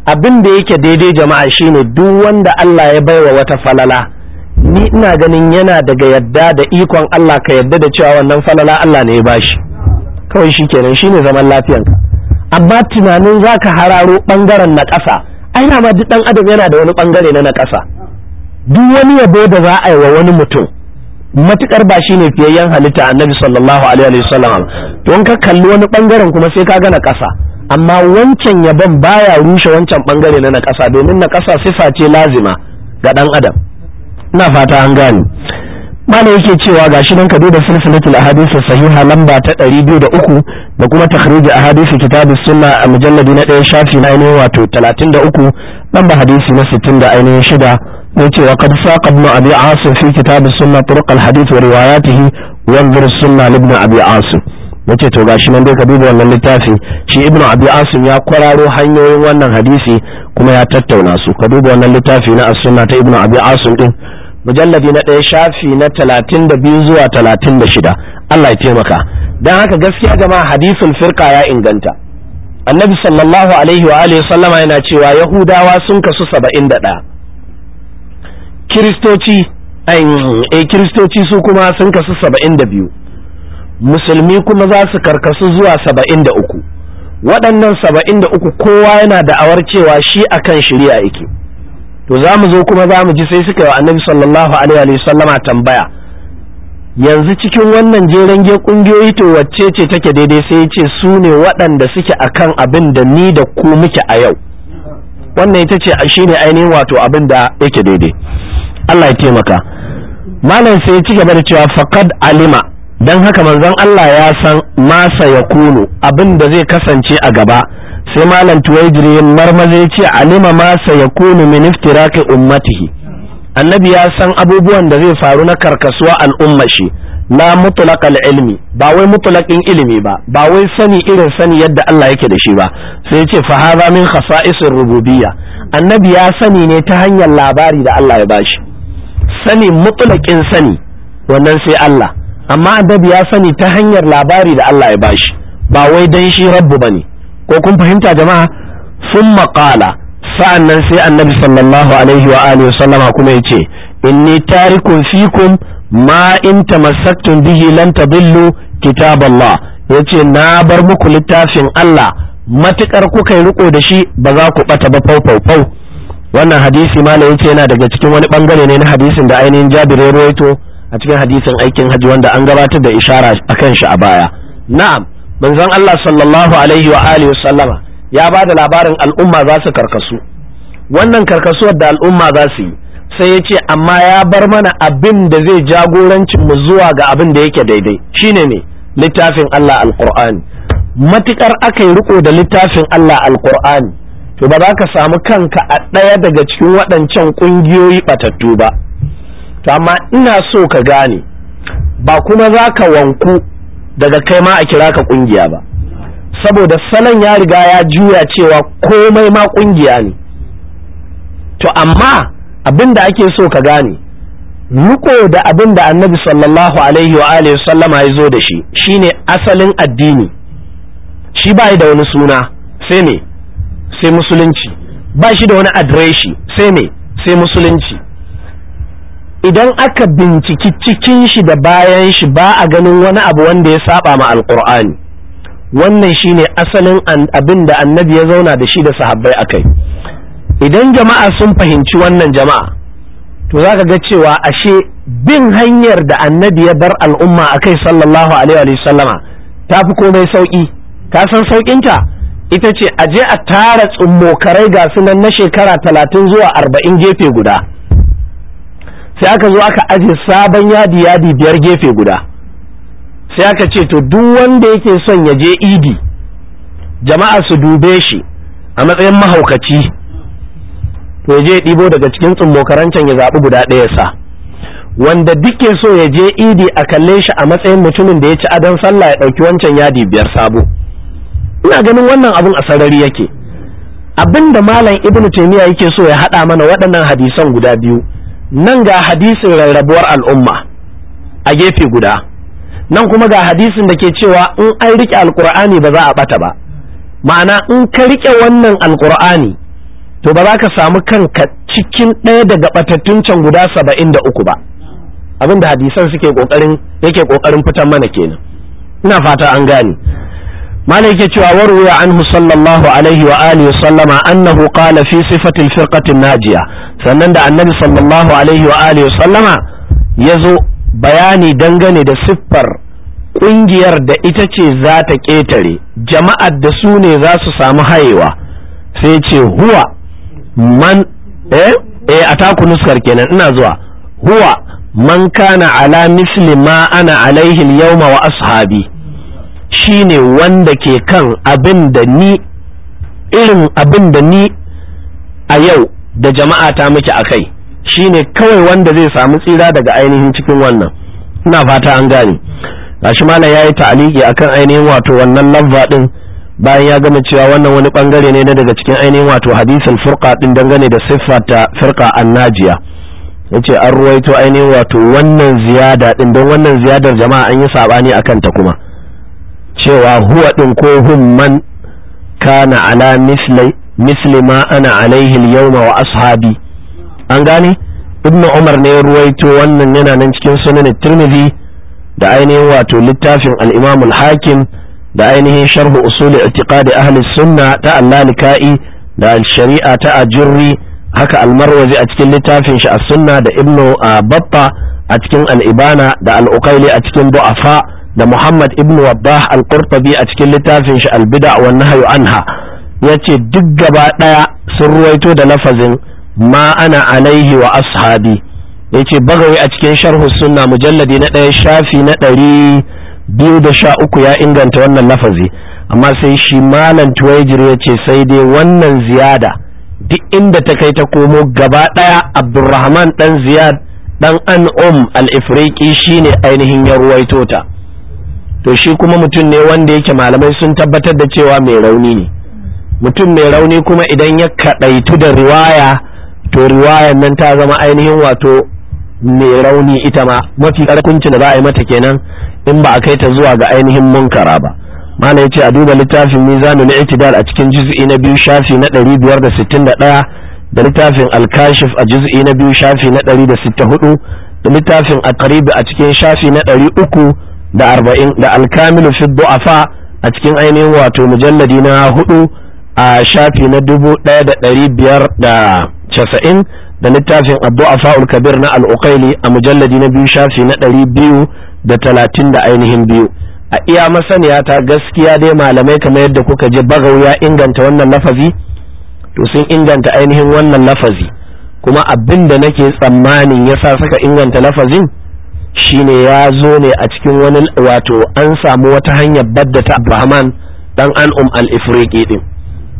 abin da yake daidai jama'a shine duk wanda Allah ya baiwa wata falala ni ina ganin yana daga yadda da ikon Allah ka yadda da cewa wannan falala Allah ne ya bashi kawai shi kenan shine zaman lafiyanka amma tunanin zaka hararo bangaren na ƙasa ai ma duk dan adam yana da wani bangare na na ƙasa duk wani yabo da za a yi wa wani mutum matukar ba shine fiyayyen halitta annabi sallallahu alaihi sallam to ka kalli wani bangaren kuma sai ka gana kasa amma wancan yabon baya rushe wancan bangare na na nakasa domin na nakasa sifa ce lazima ga dan adam ina fata an gane Malami yake cewa gashi nan ka duba silsilatul ahadith sahiha lamba ta 203 da kuma takhrij ahadith kitabus sunna a mujalladi na 1 shafi na ainihin wato 33 lamba hadisi na 60 da ainihin shida yace wa qad saqa ibn abi asim fi kitab as-sunnah turuq al-hadith wa riwayatihi wanzur as-sunnah li ibn abi asim yace to gashi nan dai ka duba wannan littafi shi ibn abi asim ya kwararo hanyoyin wannan hadisi kuma ya tattauna su ka duba wannan littafi na as sunna ta ibn abi asim din mujalladi na ɗaya shafi na talatin da biyu zuwa talatin da shida Allah ya taimaka don haka gaskiya gama hadisin firka ya inganta annabi sallallahu alaihi wa alihi sallama yana cewa yahudawa sun kasu saba'in da ɗaya kiristoci a eh, kiristoci su kuma sun kasu saba'in da biyu musulmi kuma za su karkasu zuwa saba'in da uku waɗannan saba'in da uku kowa yana da'awar cewa shi akan shirya yake to za mu zo kuma za mu ji sai suka yi wa annabi sallallahu alaihi sallama tambaya yanzu cikin wannan jeren ƙungiyoyi to wacce ce take daidai sai ya ce su ne waɗanda suke a kan abin da ni da ku muke a yau wannan ita ce shi ne ainihin wato abin da yake daidai Allah ya taimaka malam sai ya ci gaba da cewa faqad alima dan haka manzon Allah ya san masa ya kunu abin da zai kasance a gaba sai malam tuwaijiri marmaza ya ce alima masa ya kunu min iftiraqi ummatihi annabi ya san abubuwan da zai faru na karkasuwa al'umma shi la mutlaq ilmi ba wai mutlaqin ilimi ba ba wai sani irin sani yadda Allah yake da shi ba sai ya ce fa hadha min khasa'isir rububiyya annabi ya sani ne ta hanyar labari da Allah ya bashi sani mutulakin sani wannan sai Allah amma adabi ya sani ta hanyar labari da Allah ya bashi ba wai dan shi rabbu bane ko kun fahimta jama'a summa qala sa'annan sai annabi sallallahu alaihi wa alihi wasallama kuma yace inni tarikun fikum ma in tamassaktum bihi lan tadillu kitaballah yace na bar muku littafin Allah matukar kuka yi riko da shi ba za ku bata ba fau fau fau wannan hadisi malam yace yana daga cikin wani bangare ne na hadisin da ainihin Jabir ya rawaito a cikin hadisin aikin haji wanda an gabatar da ishara akan shi a baya na'am manzon Allah sallallahu alaihi wa alihi wasallama ya ba da labarin al'umma za su karkasu wannan karkasuwar da al'umma za su yi sai ya ce amma ya bar mana abin da zai jagorancin mu zuwa ga abin da yake daidai shine ne littafin Allah alqur'ani matukar aka yi riko da littafin Allah alqur'ani to ba za ka samu kanka a ɗaya daga cikin waɗancan ƙungiyoyi ɓatattu ba to amma ina so ka gane ba kuma za ka wanku daga kai ma a kira ka ƙungiya ba saboda salon ya riga ya juya cewa komai ma ƙungiya ne to amma abin da ake so ka gane riko da abin da annabi sallallahu alaihi wa alihi sallama ya zo da shi shine asalin addini shi bai da wani suna sai ne sai musulunci ba shi da wani adireshi sai ne sai musulunci idan aka binciki cikin shi da bayan shi ba a ganin wani abu wanda ya saba ma alkur'ani wannan shine asalin abin da annabi ya zauna da shi da sahabbai akai idan jama'a sun fahimci wannan jama'a to za ka ga cewa ashe bin hanyar da annabi ya bar al'umma a kai sallallahu alaihi wa sallama ta fi komai sauƙi ka san saukinta ita ce a je a tara tsummokarai ga sunan na shekara talatin zuwa arba'in gefe guda sai aka zo aka aje sabon yadi yadi biyar gefe guda sai aka ce to duk wanda yake son ya je idi jama'a su dube shi a matsayin mahaukaci to je ɗibo daga cikin can ya zaɓi guda ɗaya sa wanda duke so ya je idi a kalle shi a matsayin mutumin da ya ci adon sallah ya ɗauki wancan yadi biyar sabo ina ganin wannan abin a sarari yake abin da malam ibnu taymiya yake so ya haɗa mana waɗannan hadisan guda biyu nan ga hadisin rarrabuwar al'umma a gefe guda nan kuma ga hadisin da ke cewa in an riƙe alƙur'ani ba za a ɓata ba ma'ana in ka riƙe wannan alƙur'ani to ba za ka samu kanka cikin ɗaya daga ɓatattun can guda saba'in da uku ba Abinda hadisan suke ƙoƙarin yake ƙoƙarin fitar mana kenan ina fata an gane malai ke cewa warwaya anhu sallallahu alaihi wa wa sallama annahu qala fi sifatil na jiya, sannan da annabi sallallahu alaihi wa wa sallama yazo bayani dangane da siffar ƙungiyar da ita ce za ta ƙetare jama'ar da su ne za su samu hayewa sai ce huwa man eh eh ataku nuskar kenan ina zuwa huwa man kana ala misli ana alaihi al wa ashabi Shi ne wanda ke kan abin da ni irin abin da ni a yau da jama'a ta muke a kai Shi ne kawai wanda zai samu tsira daga ainihin cikin wannan ina fata an gane gashi ya yi ta'aliki akan ainihin wato wannan lafza din bayan ya gama cewa wannan wani bangare ne na daga cikin ainihin wato hadisin furqa din dangane da siffata firqa annajiya yace an ruwaito ainihin wato wannan ziyada din don wannan ziyadar jama'a an yi sabani a kanta kuma cewa huwa ɗin ko humman kana ala misli ma ana alaihi yawma wa ashabi an gane ibnu umar ne ruwaito wannan yana nan cikin sunan tirmidhi da ainihin wato littafin al-imam al-hakim da ainihin sharh usul i'tiqad ahli sunna ta al-lalika'i da al-shari'a ta ajurri haka al-marwazi a cikin littafin shi as-sunna da ibnu ah, batta a cikin al-ibana da al-uqayli a cikin du'afa da Muhammad ibn Wabbah al-Qurtubi a cikin littafin shi al-Bid'a wa Nahyu anha yace duk gaba daya sun ruwaito da lafazin ma ana alaihi wa ashabi yace bagawi a cikin sharh sunna mujalladi na daya shafi na ɗari biyu da sha uku ya inganta wannan lafazi amma sai shi malam tuwajir yace sai dai wannan ziyada duk inda ta kai ta komo gaba daya Abdulrahman dan Ziyad dan an um al-Ifriqi shine ainihin ya ruwaito ta to shi kuma mutum ne wanda yake malamai sun tabbatar da cewa mai rauni ne mutum mai rauni kuma idan ya kaɗaitu da riwaya to riwayan nan ta zama ainihin wato mai rauni ita ma mafi karkunci da za a yi mata kenan in ba a kai ta zuwa ga ainihin munkara ba mana yace a duba littafin mizanul i'tidal a cikin juz'i na biyu shafi na 561 da littafin al-kashif a juz'i na biyu shafi na 164 da littafin aqrib a cikin shafi na 300 da arba'in da alkamilu fi du'afa a cikin ainihin wato mujalladi na hudu a shafi na dubu ɗaya da ɗari biyar da casa'in da littafin addu'afa ulkabir na al'ukaili a mujalladi na biyu shafi na ɗari biyu da talatin da ainihin biyu a iya masaniya ta gaskiya dai malamai kamar yadda kuka ji bagau ya inganta wannan lafazi to sun inganta ainihin wannan lafazi kuma abin da nake tsammanin sa suka inganta lafazin Shi ne ya zo ne a cikin wani wato an samu wata hanyar badda ta Abrahaman dan an'um al-ifriqi din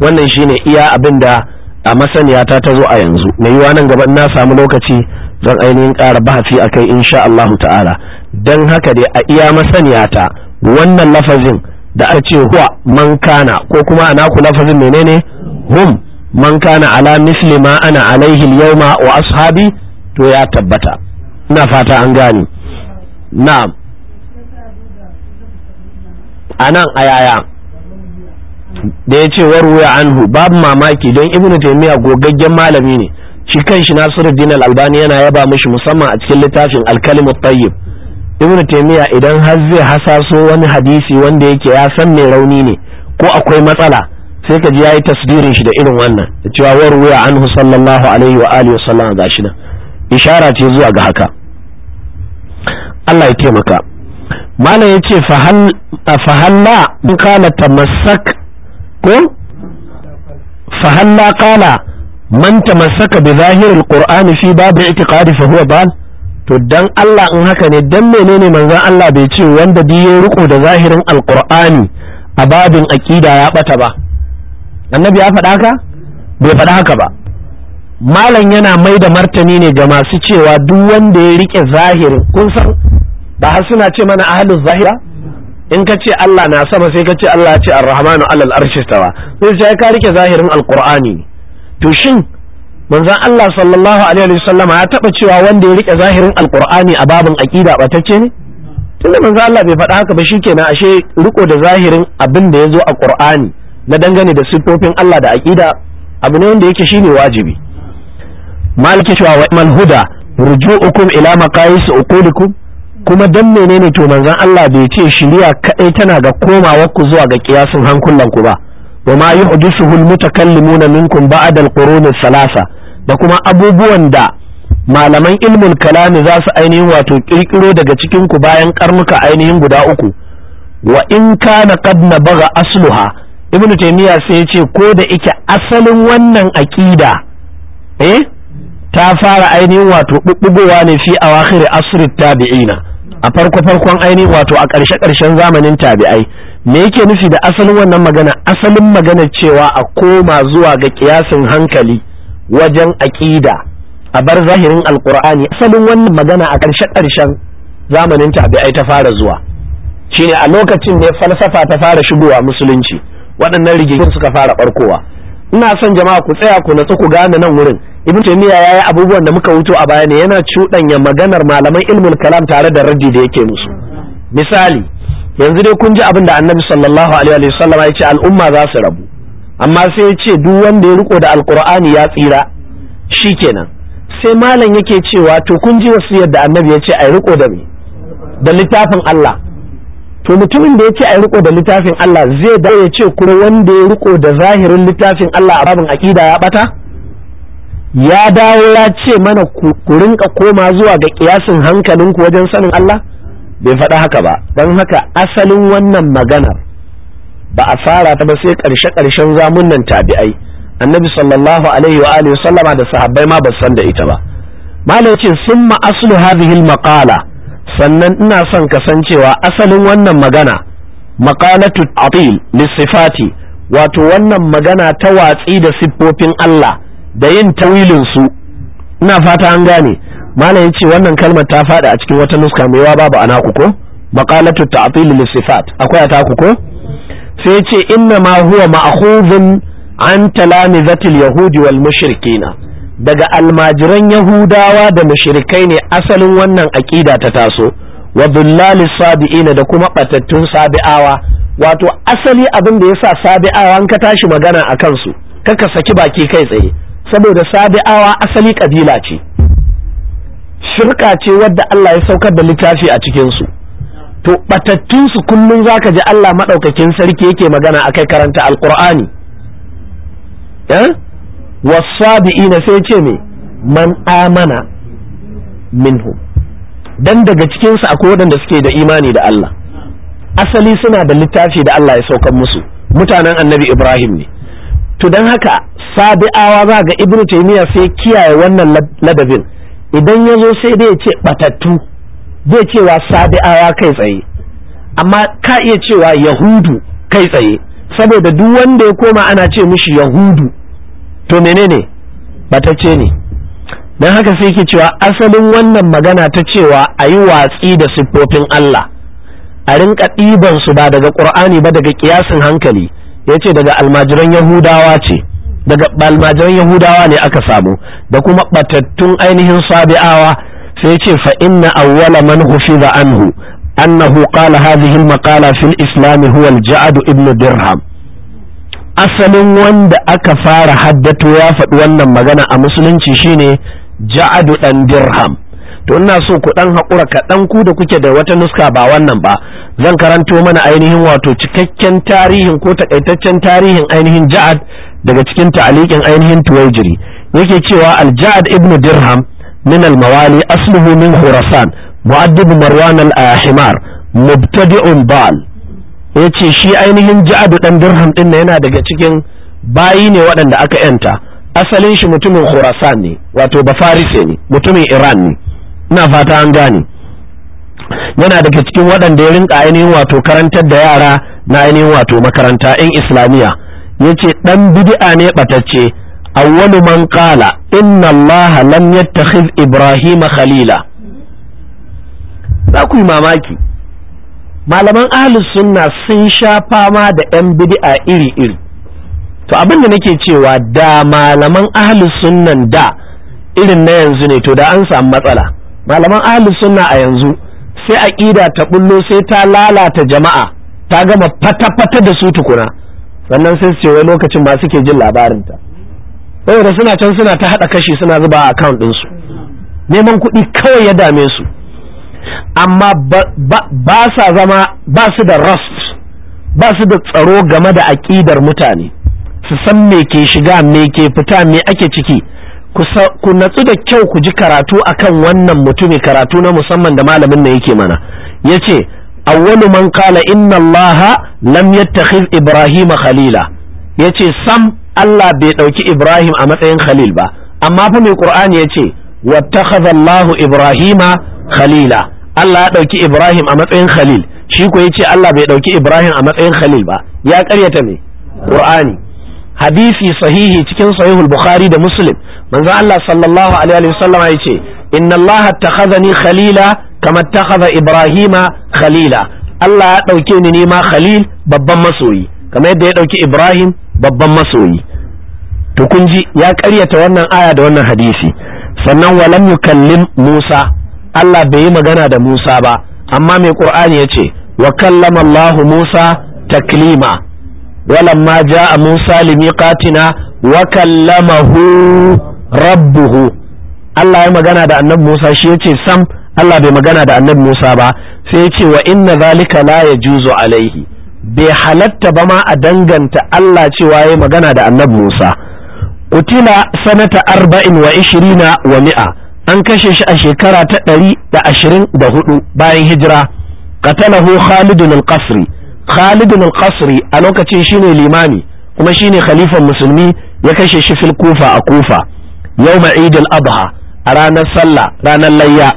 wannan ne iya abin da a masaniyata ta zo a yanzu mai yi nan gaba na samu lokaci zan ainihin ƙara bahasi a kai, insha Allah ta'ala dan haka dai a iya masaniyata wannan lafazin da a ce huwa man kana ko kuma a ku lafazin menene hum man kana ala mislima ana alaihi yawma wa ashabi to ya tabbata ina fata an gane na'am anan ayaya da ya ce an anhu babu mamaki don ibnu taimiyya gogaggen malami ne shi kanshi nasiruddin al-albani yana yaba mishi musamman a cikin littafin al-kalimat tayyib ibnu taimiyya idan har zai hasaso wani hadisi wanda yake ya san mai rauni ne ko akwai matsala sai ka ji yayi tasdirin shi da irin wannan da cewa an anhu sallallahu alaihi wa alihi wa sallam gashi nan ishara ce zuwa ga haka Allah ya taimaka malam ya ce fahalla in kala tamassak ko fahalla kala man tamassaka bi zahiril qur'ani fi babu i'tiqadi fa huwa bal to dan Allah in haka ne dan menene manzon Allah bai ce wanda duk ya riko da zahirin alqur'ani a babin aqida ya bata ba annabi ya faɗa haka bai faɗa haka ba malam yana mai da martani ne ga masu cewa duk wanda ya rike zahirin kun san ba har suna ce mana ahalin zahira in ka ce Allah na sama sai ka ce Allah ce ar-rahmanu alal arshi tawa sai sai ka rike zahirin alqur'ani to shin manzon Allah sallallahu alaihi wasallam ya taba cewa wanda ya rike zahirin alqur'ani a babin aqida batacce ne tunda manzon Allah bai faɗa haka ba shikenan ashe riko da zahirin abin da yazo a qur'ani na dangane da siffofin Allah da aqida abu ne wanda yake shine wajibi maliki cewa wa uku, huda ruju'ukum ila maqayis uqulikum kuma dan menene to manzon Allah bai ce shiriya kadai tana ga komawa ku zuwa ga kiyasin hankulan ku ba wa ma yuhdithuhu almutakallimuna minkum ba'da alqurun salasa da kuma abubuwan da malaman ilmul kalami za su ainihin wato kirkiro daga cikin ku bayan karnuka ainihin guda uku wa in kana qad nabaga asluha ibnu taymiya sai ya ce ko da ike asalin wannan aqida eh ta fara ainihin wato bubbugowa ne fi awakhir asr tabi'ina a farko farkon ainihin wato a ƙarshe ƙarshen zamanin tabi'ai me yake nufi da asalin wannan magana asalin magana cewa a koma zuwa ga kiyasin hankali wajen aƙida a bar zahirin alƙur'ani asalin wannan magana a ƙarshe ƙarshen zamanin tabi'ai ta fara zuwa shine a lokacin ne falsafa ta fara shigowa musulunci waɗannan rigingimu suka fara ɓarkowa ina son jama'a ku tsaya ku natsu ku gane nan wurin ibn taymiya yi abubuwan da muka wuto a baya ne yana cuɗanya maganar malaman ilmul kalam tare da raddi da yake musu misali yanzu dai kun ji abin da annabi sallallahu alaihi wa sallam ya ce al'umma za su rabu amma sai ya ce duk wanda ya riko da alqur'ani ya tsira shikenan sai malam yake cewa to kun ji wasu yadda annabi ya ce ai riko da me da littafin Allah to mutumin da ya ce ai riko da littafin Allah zai da ya ce kuma wanda ya riko da zahirin littafin Allah a babin aqida ya bata ya dawo ya ce mana ku rinka koma zuwa ga kiyasin hankalinku wajen sanin Allah bai faɗa haka ba don haka asalin wannan maganar ba a fara ta ba sai ƙarshe ƙarshen zamunan tabi'ai annabi sallallahu alaihi wa alihi sallama da sahabbai ma ba san da ita ba malai ce summa aslu hadhihi maqala sannan ina son kasancewa asalin wannan magana maqalatu atil lisifati wato wannan magana ta watsi da siffofin Allah da yin tawilin su ina fata an gane malam ce wannan kalmar ta faɗi a cikin wata nuska mai yawa babu anaku ko maqalatu ta'til lis sifat akwai ataku ko sai yace inna ma huwa ma'khudhun an talamizati yahudi wal mushrikina daga almajiran yahudawa da mushrikai ne asalin wannan aqida ta taso wa dhullalis sabi'ina da kuma batattun sabi'awa wato asali abin da yasa sabi'awa an ka tashi magana a kansu kaka saki baki kai tsaye saboda sabi'awa asali kabila ce shirka ce wadda Allah ya saukar da littafi a cikinsu to batattunsu kullum za ka ji Allah maɗaukakin sarki yake magana a kai karanta alƙur'ani eh? wasabi'ina sai ce me man amana minhu dan daga cikinsu akwai waɗanda suke da imani da Allah asali suna da littafi da Allah ya saukar musu mutanen annabi Ibrahim ne to dan haka sabi'awa za ga ibnu taymiya sai kiyaye wannan ladabin idan ya zo sai dai ce batattu zai cewa sabi'awa kai tsaye amma ka iya cewa yahudu kai tsaye saboda duk wanda ya koma ana ce mishi yahudu to menene batacce ne don haka sai ke cewa asalin wannan magana ta cewa a yi watsi da siffofin Allah a rinka ɗiban su ba daga ƙur'ani ba daga ƙiyasin hankali ya ce daga almajiran yahudawa ce daga balmajiran yahudawa ne aka samu da kuma batattun ainihin sabi'awa sai ce fa inna awwala man hufiza anhu annahu qala hadhihi al-maqala fil islam huwa al ibn dirham asalin wanda aka fara haddato ya faɗi wannan magana a musulunci shine Ja'adu dan dirham to ina so ku dan haƙura kaɗan ku da kuke da wata nuska ba wannan ba zan karanto mana ainihin wato cikakken tarihin ko takaitaccen tarihin ainihin ja'ad daga cikin ta'aliqin ainihin tuwaijiri yake cewa al jaad ibn dirham min al-mawali asluhu min khurasan mu'addib marwan al-ahimar mubtadi'un bal yace shi ainihin ja'ad dan dirham din yana daga cikin bayi ne waɗanda aka yanta asalin shi mutumin khurasan ne wato bafarise ne mutumin iran ne ina fata an gane yana daga cikin waɗanda ya rinka ainihin wato karantar da yara na ainihin wato makaranta 'yan islamiyya yace dan bid'a ne batacce awwalu man qala inna allaha lam yattakhidh ibrahima khalila za ku yi mamaki malaman ahli sunna sun sha fama da yan bid'a iri iri to abin da nake cewa da malaman ahli sunnan da irin na yanzu ne to da an samu matsala malaman ahli sunna a yanzu sai aqida ta bullo sai ta lalata jama'a ta gama fata-fata da su tukuna sannan sai su ce wai lokacin ba suke jin labarinta saboda suna can suna ta haɗa kashi suna zuba a account ɗinsu neman kuɗi kawai ya dame su amma ba sa zama ba su da rust ba su da tsaro game da aƙidar mutane su san me ke shiga me ke fita me ake ciki ku natsu da kyau ku ji karatu akan wannan mutumi karatu na musamman da malamin na yake mana ya ce awwalu man qala inna Allah lam yattakhiz Ibrahim khalila yace sam Allah bai dauki Ibrahim a matsayin khalil ba amma fa mai Qur'ani yace wattakhadha Allah Ibrahima khalila Allah ya dauki Ibrahim a matsayin khalil shi ko yace Allah bai dauki Ibrahim a matsayin khalil ba ya karyata me Qur'ani hadisi sahihi cikin sahihul Bukhari da Muslim manzo Allah sallallahu alaihi wasallam yace inna allaha takhazani khalila kama takhaza ibrahima khalila Allah ya ɗauke ni nema khalil babban masoyi kamar yadda ya ɗauki ibrahim babban masoyi Tukunji ya karyata wannan aya da wannan hadisi sannan walam yukallim Musa Allah bai yi magana da Musa ba amma mai ƙur'ani ya ce, kallama Allah Musa taklima walamma a Musa limiqatina wa kallamahu rabbuhu Allah ya magana da annabi Musa shi ya ce sam Allah bai magana da annabi Musa ba sai yace wa inna zalika la juzo alaihi bai halatta ba ma a danganta Allah cewa ya magana da annabi Musa kutila sanata arba'in wa ishirina wa mi'a an kashe shi a shekara ta ɗari da ashirin da hudu bayan hijira katalahu khalidun al-qasri khalidun al-qasri a lokacin shine limami kuma shine khalifan musulmi ya kashe shi fil kufa a kufa yawma idil adha a ranar sallah ranar layya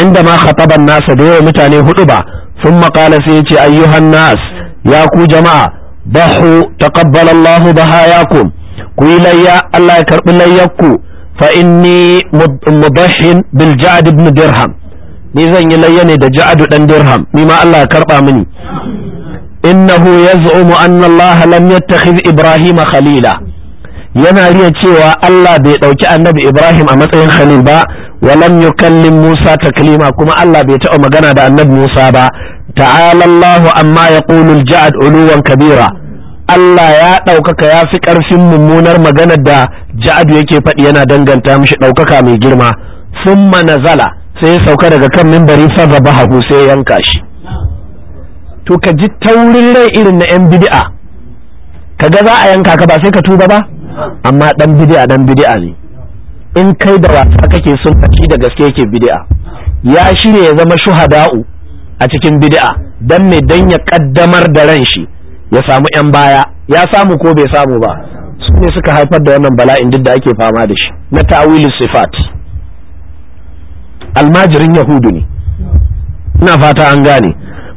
inda ma khataban nasa da yawa mutane hudu ba sun makala sai ce ayyuhan nas ya ku jama'a bahu taqabbalallahu bahayakum ku yi layya Allah ya karbi layyarku fa inni mudahin bil ja'd ibn dirham ni zan yi layya ne da ja'd dan dirham ni ma Allah ya karba mini innahu yaz'umu anna Allah lam yattakhiz ibrahima khalila yana riya cewa Allah bai ɗauki annabi Ibrahim a matsayin Khalil ba walam yukallim Musa taklima kuma Allah bai taɓa magana da annabi Musa ba ta'ala Allahu amma yaqulul ja'ad uluwan kabira Allah ya ɗaukaka ya fi ƙarfin mummunar maganar da ja'ad yake faɗi yana danganta mishi ɗaukaka mai girma summa nazala sai ya sauka daga kan mimbari ba bahu sai ya yanka shi to ka ji taurin rai irin na 'yan bid'a kaga za a yanka ka ba sai ka tuba ba amma dan bid'a dan bid'a ne in kai da wasa kake sun fashi da gaske yake bid'a ya shirya ya zama shuhada'u a cikin bid'a dan me dan ya kaddamar da ran shi ya samu yan baya ya samu ko bai samu ba su ne suka haifar da wannan bala'in duk da ake fama da shi na ta'wilu sifat almajirin yahudu ne ina fata an gane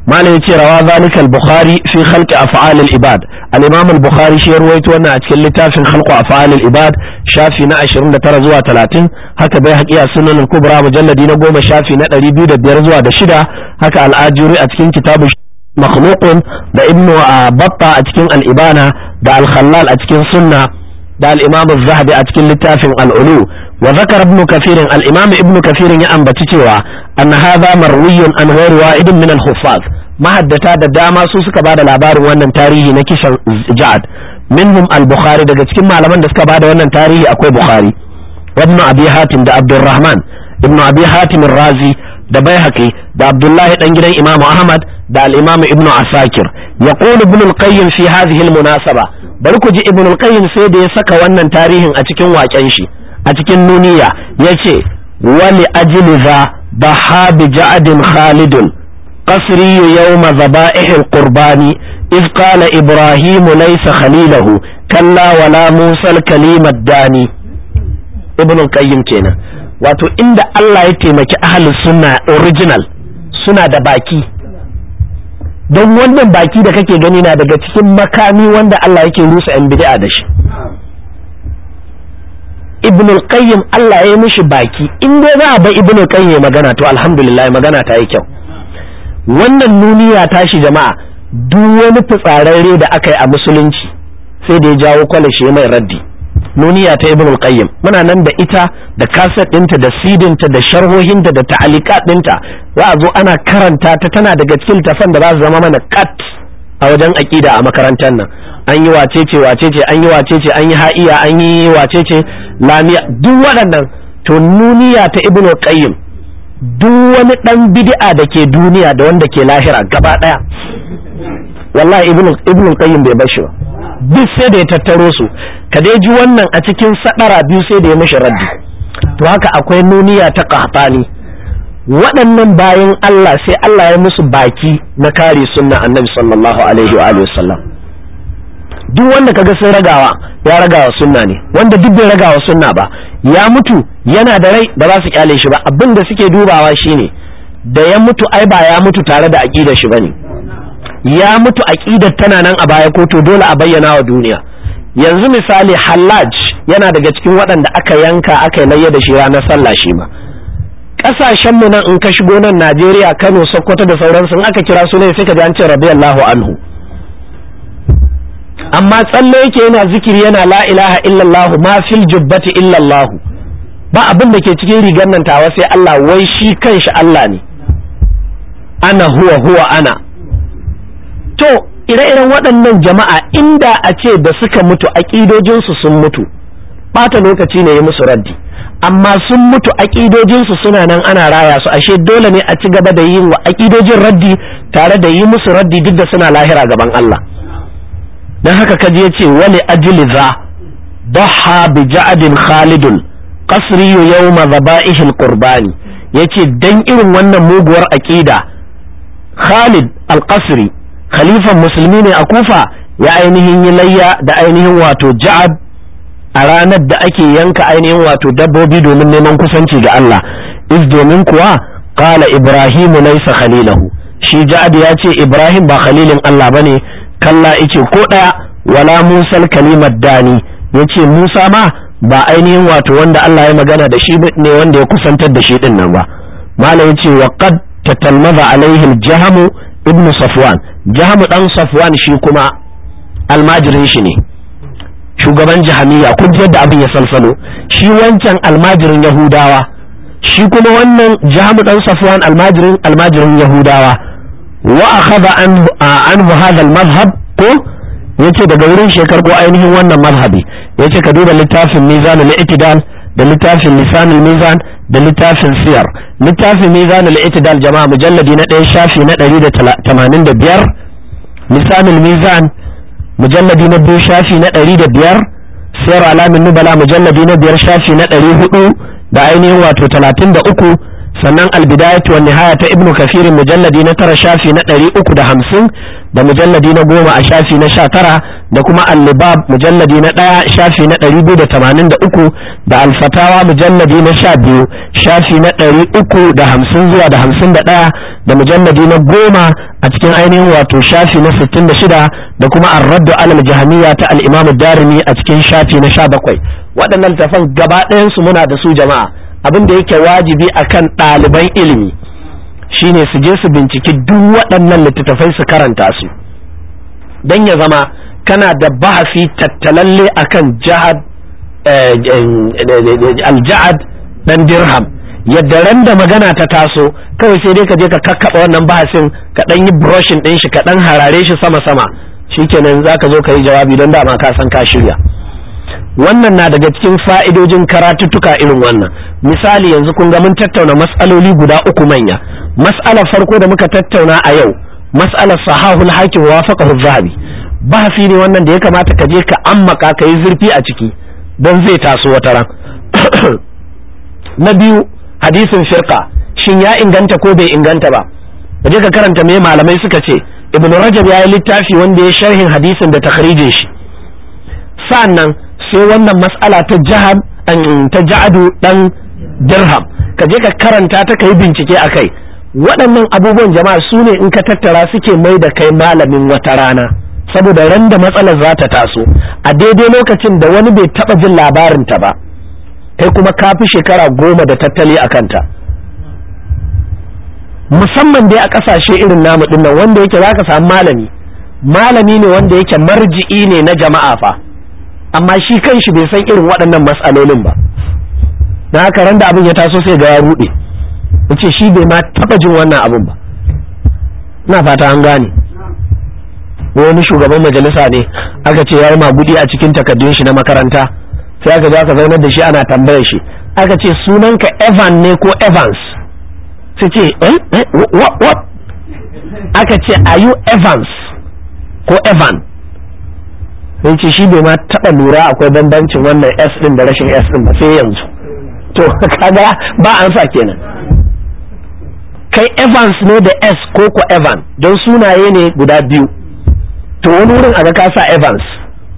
malam yace rawa zalika al-bukhari fi khalqi af'al al-ibad al-imam al-bukhari shi ruwaito wannan a cikin littafin khalqu af'al al-ibad shafi na 29 zuwa 30 haka bai haqiya sunan kubra mujalladi na 10 shafi na 205 zuwa da 6 haka al-ajuri a cikin kitabu makhluqun da ibnu batta a cikin al-ibana da al-khallal a cikin sunna da al-imam az-zahabi a cikin littafin al-ulu wa zakar ibnu kafirin al-imam ibnu kafirin ya ambaci cewa an hadha marwiyun an ghayri wa'idin min al mahaddata da dama su suka bada labarin wannan tarihi na kishan ja'ad minhum al-bukhari daga cikin malaman da suka bada wannan tarihi akwai bukhari ibn abi hatim da abdurrahman ibn abi hatim razi da baihaqi da abdullahi dan gidan imamu ahmad da al-imamu ibn asakir yaqulu ibn al-qayyim fi hadhihi al-munasaba bari ku ji ibn al-qayyim sai da ya saka wannan tarihin a cikin waken shi a cikin nuniya yace wali ajli za bahabi ja'adin khalidun القصري يوم ذبائح القربان إذ قال إبراهيم ليس خليله كلا ولا موسى الكليم الداني ابن القيم كينا wato inda Allah ya taimaki ahli suna orijinal, suna da baki don wannan baki da kake gani na daga cikin makami wanda Allah yake rusa yan bid'a da shi ibn al-qayyim Allah ya mishi baki in dai za a bar ibn al-qayyim magana to alhamdulillah magana ta yi kyau wannan nuniya tashi jama'a duk wani fitsararre da aka yi a musulunci sai da ya jawo kwalashe mai raddi nuniya ta ibn qayyim muna nan da ita da kaset ɗinta da sidinta da sharhohinta da ta'alika ɗinta za a zo ana karanta ta tana daga cikin tafan da za su zama mana kat a wajen aƙida a makarantar nan an yi wacece wacece an yi wacece an yi ha'iya an yi wacece lamiya duk waɗannan to nuniya ta ibn qayyim duk wani ɗan bid'a da ke duniya da wanda ke lahira gaba daya wallahi ibnu ibnu qayyim bai bashi ba duk sai da ya tattaro su ka dai ji wannan a cikin sadara biyu sai da ya mishi raddi to haka akwai nuniya ta qahtani waɗannan bayan Allah sai Allah ya musu baki na kare sunna annabi sallallahu alaihi wa sallam duk wanda kaga sun ragawa ya ragawa sunna ne wanda duk bai ragawa sunna ba ya mutu yana da rai ba za su kyale shi ba abin da suke dubawa shine da ya mutu ai ba ya mutu tare da aqidar shi bane ya mutu aqidar tana nan a baya ko to dole a bayyana wa duniya yanzu misali halaj yana daga cikin waɗanda aka yanka aka layya da shi ranar sallah shi ma mu nan in ka shigo nan Najeriya Kano Sokoto da sauransu in aka kira su ne sai ka ji an ce radiyallahu anhu amma tsalle yake yana zikiri yana la ilaha illallah ma fil jubbati illallah ba abin da ke cikin rigar nan tawa sai Allah wai shi kanshi Allah ne ana huwa huwa ana to ire-iren waɗannan jama'a inda a ce da suka mutu aƙidojinsu sun mutu ɓata lokaci ne ya musu raddi amma sun mutu aƙidojinsu suna nan ana raya su ashe dole ne a ci gaba da yin wa aƙidojin raddi tare da yi musu raddi duk da suna lahira gaban Allah dan haka kaji yace wali ajli za dhaha bi ja'din khalidun qasri yawma dhabaihi alqurbani yace dan irin wannan muguwar aqida Khalid al-Qasri khalifan musulmi ne a Kufa ya ainihin yi da ainihin wato Ja'ad a ranar da ake yanka ainihin wato dabbobi domin neman kusanci ga Allah is domin kuwa qala Ibrahim laysa khalilahu shi Ja'ad ya ce Ibrahim ba khalilin Allah bane kalla ice ko ɗaya wala musal kalimar dani ya ce musa ma ba ainihin wato wanda allah ya magana da shi ne wanda ya kusantar da shi ɗin nan ba malam ya ce wa tatalmaza alaihi jahamu ibn safwan jahamu dan safwan shi kuma almajirin shi ne shugaban jahamiya kun ji yadda abin ya salsalo shi wancan almajirin yahudawa shi kuma wannan jahamu ɗan safwan almajirin almajirin yahudawa wa akhadha anhu hadha al-madhhab ko yace daga wurin shekar ko ainihin wannan madhhabi yace ka duba littafin mizan al-i'tidal da littafin lisan al-mizan da littafin siyar littafin mizan al-i'tidal jama'a mujalladi na ɗaya shafi na 185 lisan al-mizan mujalladi na biyu shafi na 105 siyar alamin nubala mujalladi na biyar shafi na 400 da ainihin wato 33 sannan albidayatu wa nihaya ta ibnu kafirin mujalladi na tara shafi na ɗari uku da hamsin da mujalladi na goma a shafi na sha tara da kuma al-libab mujalladi na ɗaya shafi na ɗari biyu da tamanin da uku da alfatawa mujalladi na sha biyu shafi na ɗari uku da hamsin zuwa da hamsin da ɗaya da mujalladi na goma a cikin ainihin wato shafi na sittin da shida da kuma ar-raddu alal jahamiyya ta al-imam darimi a cikin shafi na sha bakwai waɗannan tafan gaba ɗayansu muna da su jama'a abin da yake wajibi akan ɗaliban ilimi shine su je su binciki duk waɗannan littattafai su karanta su don ya zama kana da bahasi tattalalle akan jihad aljahad eh, eh, eh, dan dirham yadda ran da magana ta taso kawai sai dai ka je ka kakkaɓa wannan bahasin ka ɗan yi brushin ɗin shi ka ɗan harare shi sama-sama shikenan za ka zo ka yi jawabi don dama ka san ka shirya wannan na daga cikin fa'idojin karatuttuka irin wannan misali yanzu kun ga mun tattauna mas'aloli guda uku manya mas'alar farko da muka tattauna a yau mas'alar sahahul hakim wa faqahu zahabi bahasi ne wannan da ya kamata ka je ka ammaka ka yi zurfi a ciki don zai taso wata ran na biyu hadisin firqa shin ya inganta ko bai inganta ba kaje ka karanta me malamai suka ce ibnu rajab ya yi littafi wanda ya sharhin hadisin da takharijin shi sannan sai wannan mas'ala ta jihar ta ja'adu dan dirham ka je ka karanta ta kai bincike a kai waɗannan abubuwan jama'a su ne in ka tattara suke mai da kai malamin wata rana saboda ran da matsalar za ta taso a daidai lokacin da wani bai taɓa jin labarin ta ba kai kuma ka fi shekara goma da tattali a kanta musamman dai a ƙasashe irin namu dinnan wanda yake za ka samu malami malami ne wanda yake marji'i ne na jama'a fa amma shi kanshi bai san irin waɗannan matsalolin ba na haka randa abin ya taso sai ga ya rude ce shi bai ma taba jin wannan abin ba ina fata an gane wani shugaban majalisa ne aka ce yayi magudi a cikin takaddun shi na makaranta sai aka zo aka zaunar da shi ana tambayar shi aka ce sunanka Evan ne ko Evans sai ce eh, eh what, what? aka ce are you Evans ko Evan sai ce shi bai ma taba lura akwai bambancin wannan S din da rashin S din ba sai yanzu to kaga ba ansa kenan kai evans ne da s ko ko evan don sunaye ne guda biyu to wani wurin aga ka sa evans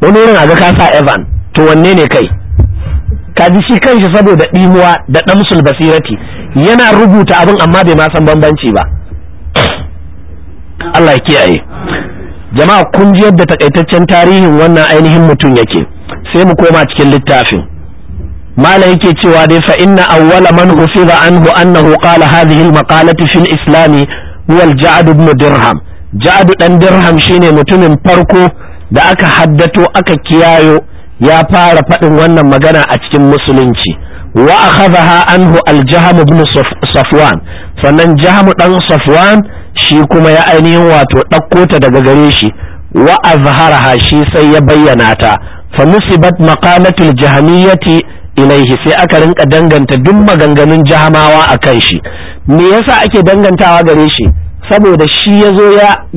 wani wurin aga ka sa evan to wanne ne kai ka ji shi kanshi saboda ɗimuwa da ɗamsul basirati yana rubuta abin amma bai ma san bambanci ba Allah ya kiyaye jama'a kun ji yadda takaitaccen tarihin wannan ainihin mutum yake sai mu koma cikin littafin malam yake cewa dai fa inna awwala man hufiza anhu annahu qala hadhihi al fil islam huwa al-ja'd ibn dirham ja'd dan dirham shine mutumin farko da aka haddato aka kiyayo ya fara faɗin wannan magana a cikin musulunci wa akhadha anhu al-jahm ibn safwan sannan jahm dan safwan shi kuma ya ainihin wato ɗauko ta daga gare shi wa azharaha shi sai ya bayyana ta fa nusibat maqalatul jahmiyyati ilaihi sai aka rinka danganta duk maganganun jahamawa a kan shi me yasa ake dangantawa gare shi saboda shi ya zo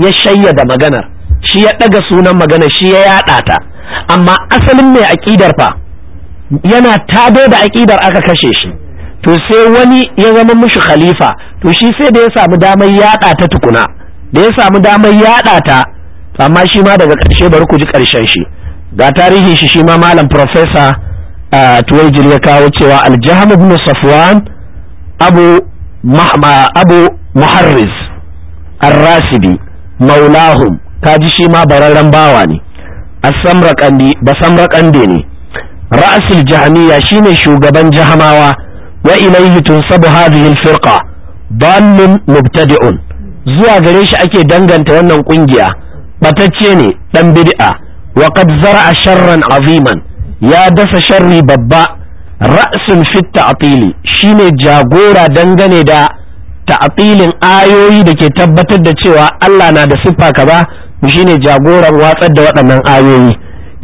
ya shayyada maganar shi ya ɗaga sunan maganar shi ya yaɗa ta amma asalin mai aƙidar fa yana tado da aƙidar aka kashe shi to sai wani ya zama mushi khalifa to shi sai da ya samu damar yaɗa ta tukuna da ya samu damar yaɗa ta amma shi ma daga ƙarshe bari ku ji ƙarshen shi ga tarihin shi shi ma malam professor jiri ya kawo cewa aljaham ibn safwan abu abu muharriz ar-rasibi maulahum kaji shi ma bararren bawa ne as-samraqandi basamraqande ne ra'sul jahmiya shine shugaban jahamawa wa ilayhi tunsabu hadhihi al-firqa dallun mubtadi'un zuwa gare shi ake danganta wannan kungiya batacce ne dan bid'a wa qad zara'a sharran aziman ya dasa sharri babba ra'sul fit ta'tili shine jagora dangane da ta'tilin ayoyi da ke tabbatar da cewa Allah na da siffa kaza shine jagoran watsar da waɗannan ayoyi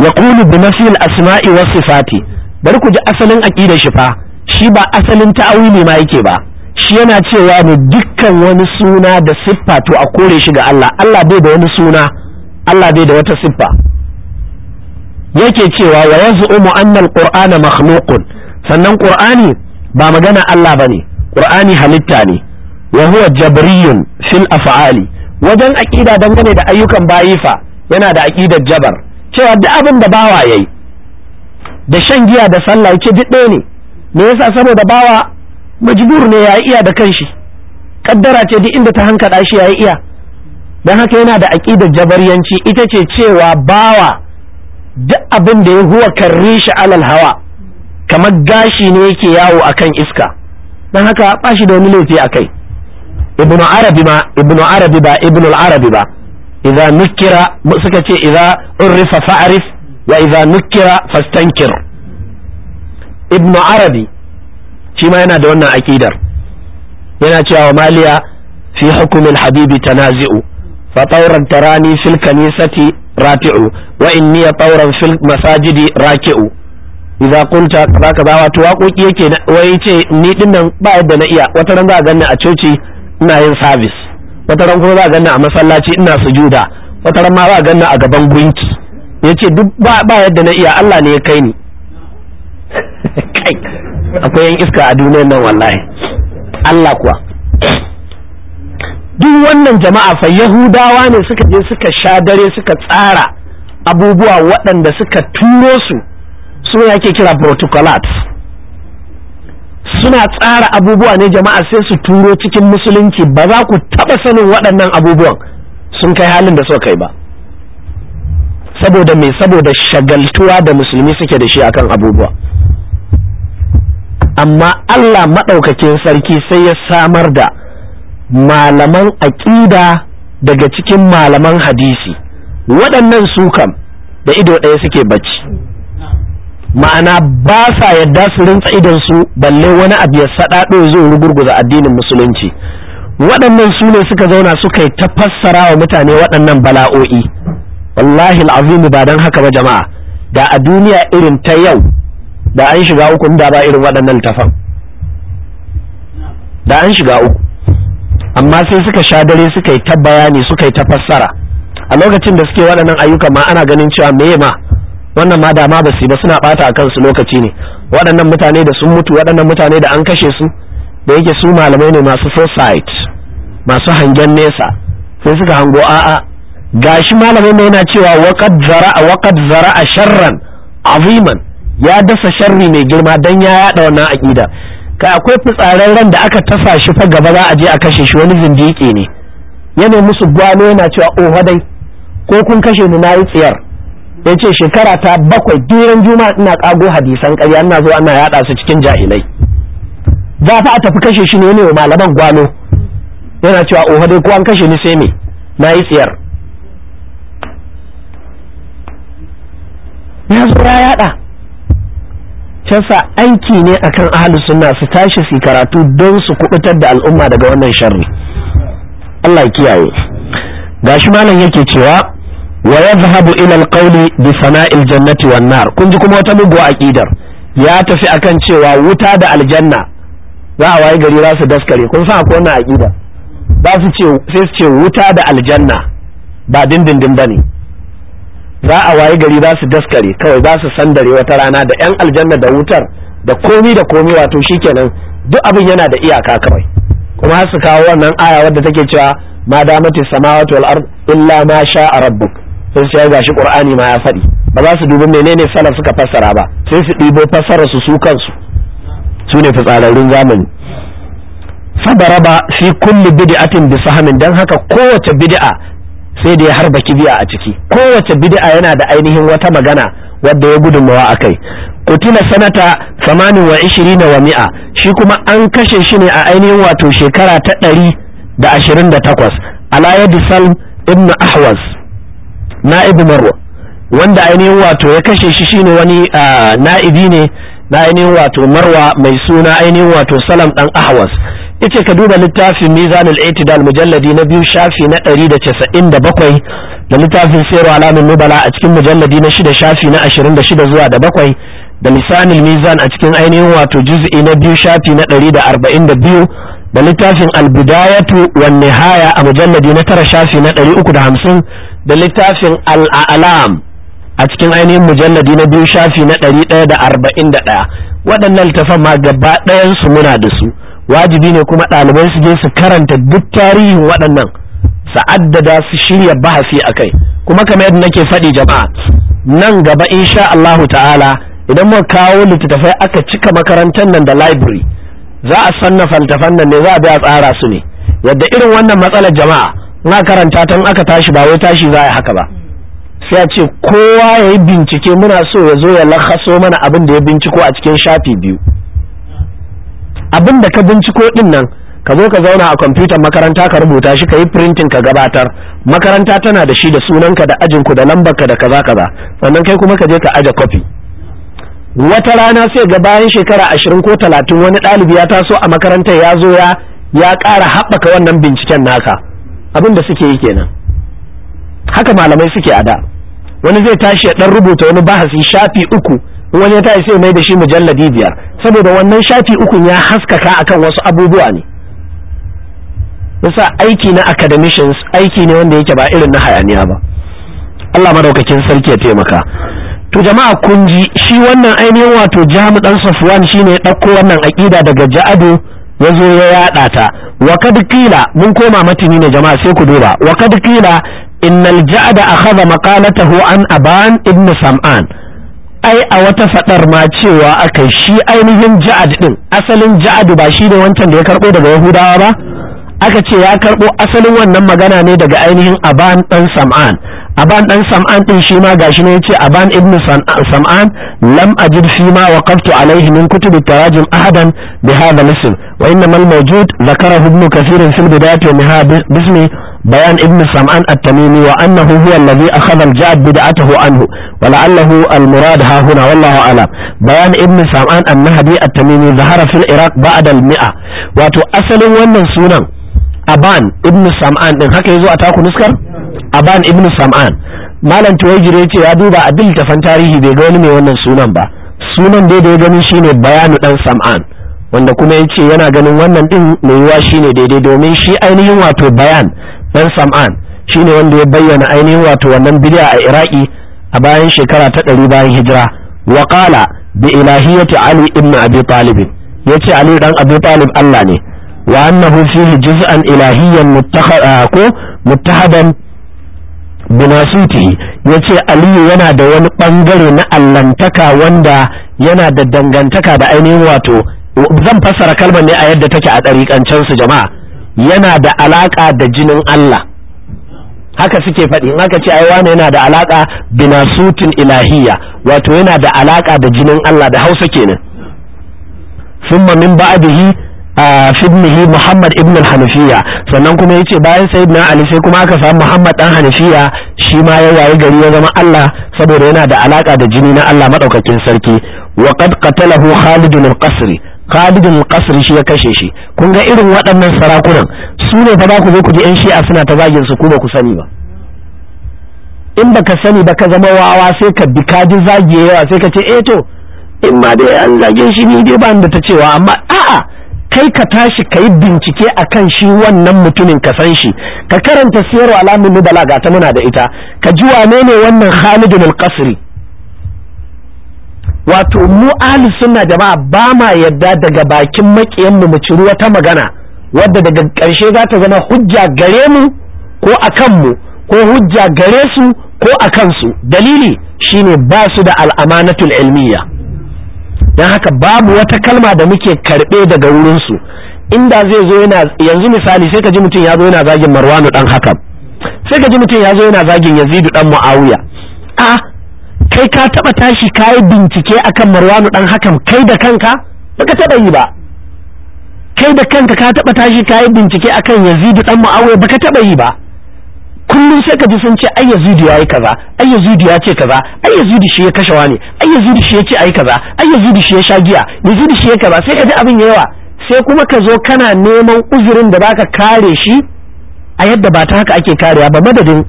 yaqulu bi nafil asma'i was sifati bari ku ji asalin aqidar shi fa shi ba asalin ta'awili ma yake ba shi yana cewa ne dukkan wani suna da siffa to a kore shi ga Allah Allah bai da wani suna Allah bai da wata siffa yake cewa wa yanzu umu annal qurana makhluqun sannan qur'ani ba magana Allah bane qur'ani halitta ne wa huwa jabriyun fil af'ali wajen aqida dangane da ayyukan bayifa yana da aqidar jabar cewa duk abin da bawa yayi da shan giya da sallah yake duk ɗaya ne me yasa saboda bawa majbur ne ya iya da kanshi kaddara ce duk inda ta hankala shi ya iya dan haka yana da aqidar jabariyanci ita ce cewa bawa duk abin da ya huwa karri shi alal hawa kamar gashi ne yake yawo akan iska don haka ba shi da wani laifi a kai ibnu arabi ma ibnu arabi ba ibnu arabi ba idza nukira suka ce idza urrifa fa'rif wa idza nukira fastankir ibnu arabi shi ma yana da wannan akidar yana cewa maliya fi hukumin habibi tanazi'u fa tauran tarani fil kanisati rafi'u wa inni ya tauran fil masajidi raki'u idza kunta zaka ba wato waƙoƙi yake wai ce ni din nan ba yadda na iya wata ran za ga ni a coci ina yin service wata ran kuma za ga ni a masallaci ina sujuda wata ran ma za ga ni a gaban gunki yace duk ba yadda na iya Allah ne ya kai ni kai akwai yan iska a duniyar nan wallahi Allah kuwa duk wannan jama'a fa yahudawa ne suka je suka sha dare suka tsara abubuwa waɗanda suka turo su su yake kira protocolat suna tsara abubuwa ne jama'a sai su turo cikin musulunci ba za ku taɓa sanin waɗannan abubuwan sun kai halin da suka kai ba saboda mai saboda shagaltuwa da musulmi suke da shi akan abubuwa amma Allah maɗaukakin sarki sai ya samar da malaman aƙida daga cikin malaman hadisi waɗannan su kam da ido ɗaya suke bacci ma'ana ba sa yadda su rinsa idon su balle wani abu ya saɗaɗo zo rugurguza addinin musulunci waɗannan su ne suka zauna suka yi ta fassara wa mutane waɗannan bala'o'i wallahi al'azimu ba don haka ba jama'a da a duniya irin ta yau da an shiga uku da ba irin waɗannan tafan. da an shiga uku amma sai suka sha dare suka yi ta bayani suka yi ta fassara a lokacin da suke waɗannan ayyuka ma ana ganin cewa me ma wannan ma dama ba su ba suna bata a kansu lokaci ne waɗannan mutane da sun mutu waɗannan mutane da an kashe su da yake su malamai ne masu foresight masu hangen nesa sai suka hango a'a gashi malamai ne yana cewa waqad zara'a waqad zara'a sharran aziman ya dasa sharri mai girma dan ya yada wannan aqida ka akwai fitsaren ran da aka tasa shi fa gaba za a je a kashe shi wani zindiki ne yana musu gwano yana cewa oh dai ko kun kashe ni na yi tsiyar ya ce shekara ta bakwai duran juma'a ina kago hadisan ƙarya ina zo ana yada su cikin jahilai za fa a tafi kashe shi ne ne wa malaman gwano yana cewa oh dai ko an kashe ni sai me na yi tsiyar ya zo ya yada sa aiki ne akan ahalus sunna su tashi su karatu don su kubutar da al'umma daga wannan sharri Allah ya kiyaye gashi malam yake cewa wa yadhhabu ila alqawli bi sana'il jannati wan nar kun ji kuma wata a aqidar ya tafi akan cewa wuta da aljanna za a waye gari za su daskare kun san akwai wannan aqida ba su ce sai su ce wuta da aljanna ba dindindin bane za a wayi gari za su daskare kawai za su sandare wata rana da yan aljanna da wutar da komi da komi wato shikenan duk abin yana da iyaka kawai kuma su kawo wannan aya wadda take cewa ma damati samawati wal ard illa ma sha'a rabbuk sai sai gashi qur'ani ma ya faɗi ba za su dubi menene salaf suka fassara ba sai su ɗibo fassara su su kansu su ne fitsararrun zamani Sabaraba fi kulli bid'atin bi sahmin dan haka kowace bid'a sai da ya harba kibiya a ciki kowace bidi'a yana da ainihin wata magana wadda ya gudunmawa a kai kutila sanata samanin wa ishirina wa mi'a shi kuma an kashe shi ne a ainihin wato shekara ta ɗari da ashirin da takwas alayadu salm ibn ahwaz na'ibu marwa wanda ainihin wato ya kashe shi shine wani na'ibi ne na ainihin wato marwa mai suna ainihin wato salam ɗan ahwaz yace ka duba littafin mizanul itidal mujalladi na biyu shafi na 197 da littafin sayarwa alamin nubala a cikin mujalladi na shida shafi na 26 zuwa da bakwai da lisanul mizan a cikin ainihin wato juz'i na biyu shafi na 142 da littafin albidayatu wan nihaya a mujalladi na tara shafi na 350 da littafin al'am a cikin ainihin mujalladi na biyu shafi na 141 waɗannan littafan ma gaba ɗayan su muna da su wajibi ne kuma ɗalibai su je su karanta duk tarihin waɗannan su addada, su shirya bahasi a kai kuma kamar yadda nake faɗi jama'a nan gaba insha Allahu ta'ala idan muka kawo littattafai aka cika makarantar nan da library za a sanna faltafan nan ne za a bi a tsara su ne yadda irin wannan matsalar jama'a na karanta tun aka tashi ba wai tashi za a haka ba sai a ce kowa ya yi bincike muna so ya zo ya lakaso mana abin da ya binciko a cikin shafi biyu abin da ka binciko din nan ka zo ka zauna a kwamfutar makaranta ka rubuta shi ka yi printin ka gabatar makaranta tana da shi da sunanka da ajinku da lambarka da kaza kaza sannan kai kuma ka je ka aje kwafi wata rana sai ga bayan shekara ashirin ko talatin wani ɗalibi ya taso a makarantar ya zo ya ya ƙara haɓaka wannan binciken naka abin da suke yi kenan haka malamai suke a da wani zai tashi ya ɗan rubuta wani bahasi shafi uku wani ya tashi sai mai da shi mujalladi biyar saboda wannan shafi ukun ya haskaka akan wasu abubuwa ne yasa aiki na academicians aiki ne wanda yake ba irin na hayaniya ba Allah madaukakin sarki ya taimaka to jama'a kun ji shi wannan ainihin wato jami dan safwan shine ya ɗauko wannan aƙida daga ja'adu ya zo ya yaɗa ta wa kad qila mun koma matini ne jama'a sai ku duba wa kad qila innal ja'ada akhadha maqalatahu an aban ibn sam'an ai a wata fadar ma cewa aka shi ainihin ja'ad din asalin ja'ad ba shi ne wancan da ya karbo daga yahudawa ba aka ce ya karbo asalin wannan magana ne daga ainihin aban dan sam'an aban dan sam'an din shi ma gashi ne yace aban ibn sam'an lam ajid fi ma waqaftu alayhi min kutub tarajim ahadan bi hadha al-ism wa innamal mawjud dhakarahu ibn kathir fil bidayat wa bismi بيان ابن سمعان التميمي وأنه هو الذي أخذ الجاد بدعته عنه ولعله المراد ها هنا والله أعلم بيان ابن سمعان النهدي التميمي ظهر في العراق بعد المئة واتو أسل ونن سونا أبان ابن سمعان إن هكا يزو أتاكو نسكر أبان ابن سمعان malam tuwajire ce ya duba a dil tafan tarihi bai ga wani mai wannan sunan ba sunan daidai da gani shine bayani dan sam'an wanda kuma ya ce yana ganin wannan ɗin mai yiwa shine daidai domin shi ainihin wato bayan dan sam'an shi ne wanda ya bayyana ainihin wato wannan bid'a a iraki a bayan shekara ta ɗari bayan hijira wa qala bi ilahiyati ali ibn abi talib yace ali dan abi talib Allah ne wa annahu fihi juz'an ilahiyyan ah, ko muttahadan binasuti yace aliyu yana da wani bangare na allantaka wanda yana da dangantaka da ainihin wato zan fassara kalmar ne a yadda take a ɗariƙancensu jama'a yana da alaƙa da jinin Allah haka suke faɗi in aka ce ai wane yana da alaka binasutin ilahiyya wato yana da alaka da jinin Allah da Hausa kenan summa min ba'dihi fibnihi Muhammad ibn al-Hanafiya sannan kuma yace bayan sayyidina Ali sai kuma aka samu Muhammad dan Hanafiya shi ma ya wayi gari ya zama Allah saboda yana da alaka da jini na Allah madaukakin sarki wa qad qatalahu Khalid al-Qasri khalidin al shi ya kashe shi kun ga irin waɗannan sarakunan su ne fa za ku zo ku ji 'yan shi'a suna ta zagin su ku ku sani ba in baka sani ba ka zama wawa sai ka bi kaji ji yawa sai ka ce eh to in ma dai an zage shi ni dai ba da ta cewa amma a'a kai ka tashi ka yi bincike kan shi wannan mutumin ka san shi ka karanta siyarwa alamin nubala ga ta muna da ita ka ji wane ne wannan Khalidu al-Qasri wato mu ahli sunna jama'a ba ma yadda daga bakin makiyan mu mu ciri wata magana wadda daga ƙarshe za ta zama hujja gare mu ko akan mu ko hujja gare su ko a kansu dalili shine ba su da al'amanatul ilmiya Dan haka babu wata kalma da muke karɓe daga wurinsu inda zai zo yana yanzu misali sai ka ji mutum ya zo yana zagin marwanu dan hakan sai ka ji mutum ya zo yana zagin yazidu dan muawiya a ah, kai ka taba tashi ka bincike akan marwanu dan hakan kai da kanka baka taba yi ba kai da kanka ka taba tashi ka bincike akan yazidu dan muawiya baka taba yi ba kullum sai ka ji sun ce ai yazidu yayi kaza ai yazidu ya ce kaza ai yazidu shi ya kashe wani ai yazidu shi ya ce ai kaza ai yazidu shi ya sha giya yazidu shi ya kaza sai ka ji abin yawa sai kuma ka zo kana neman uzurin da baka kare shi a yadda ba ta haka ake karewa ba madadin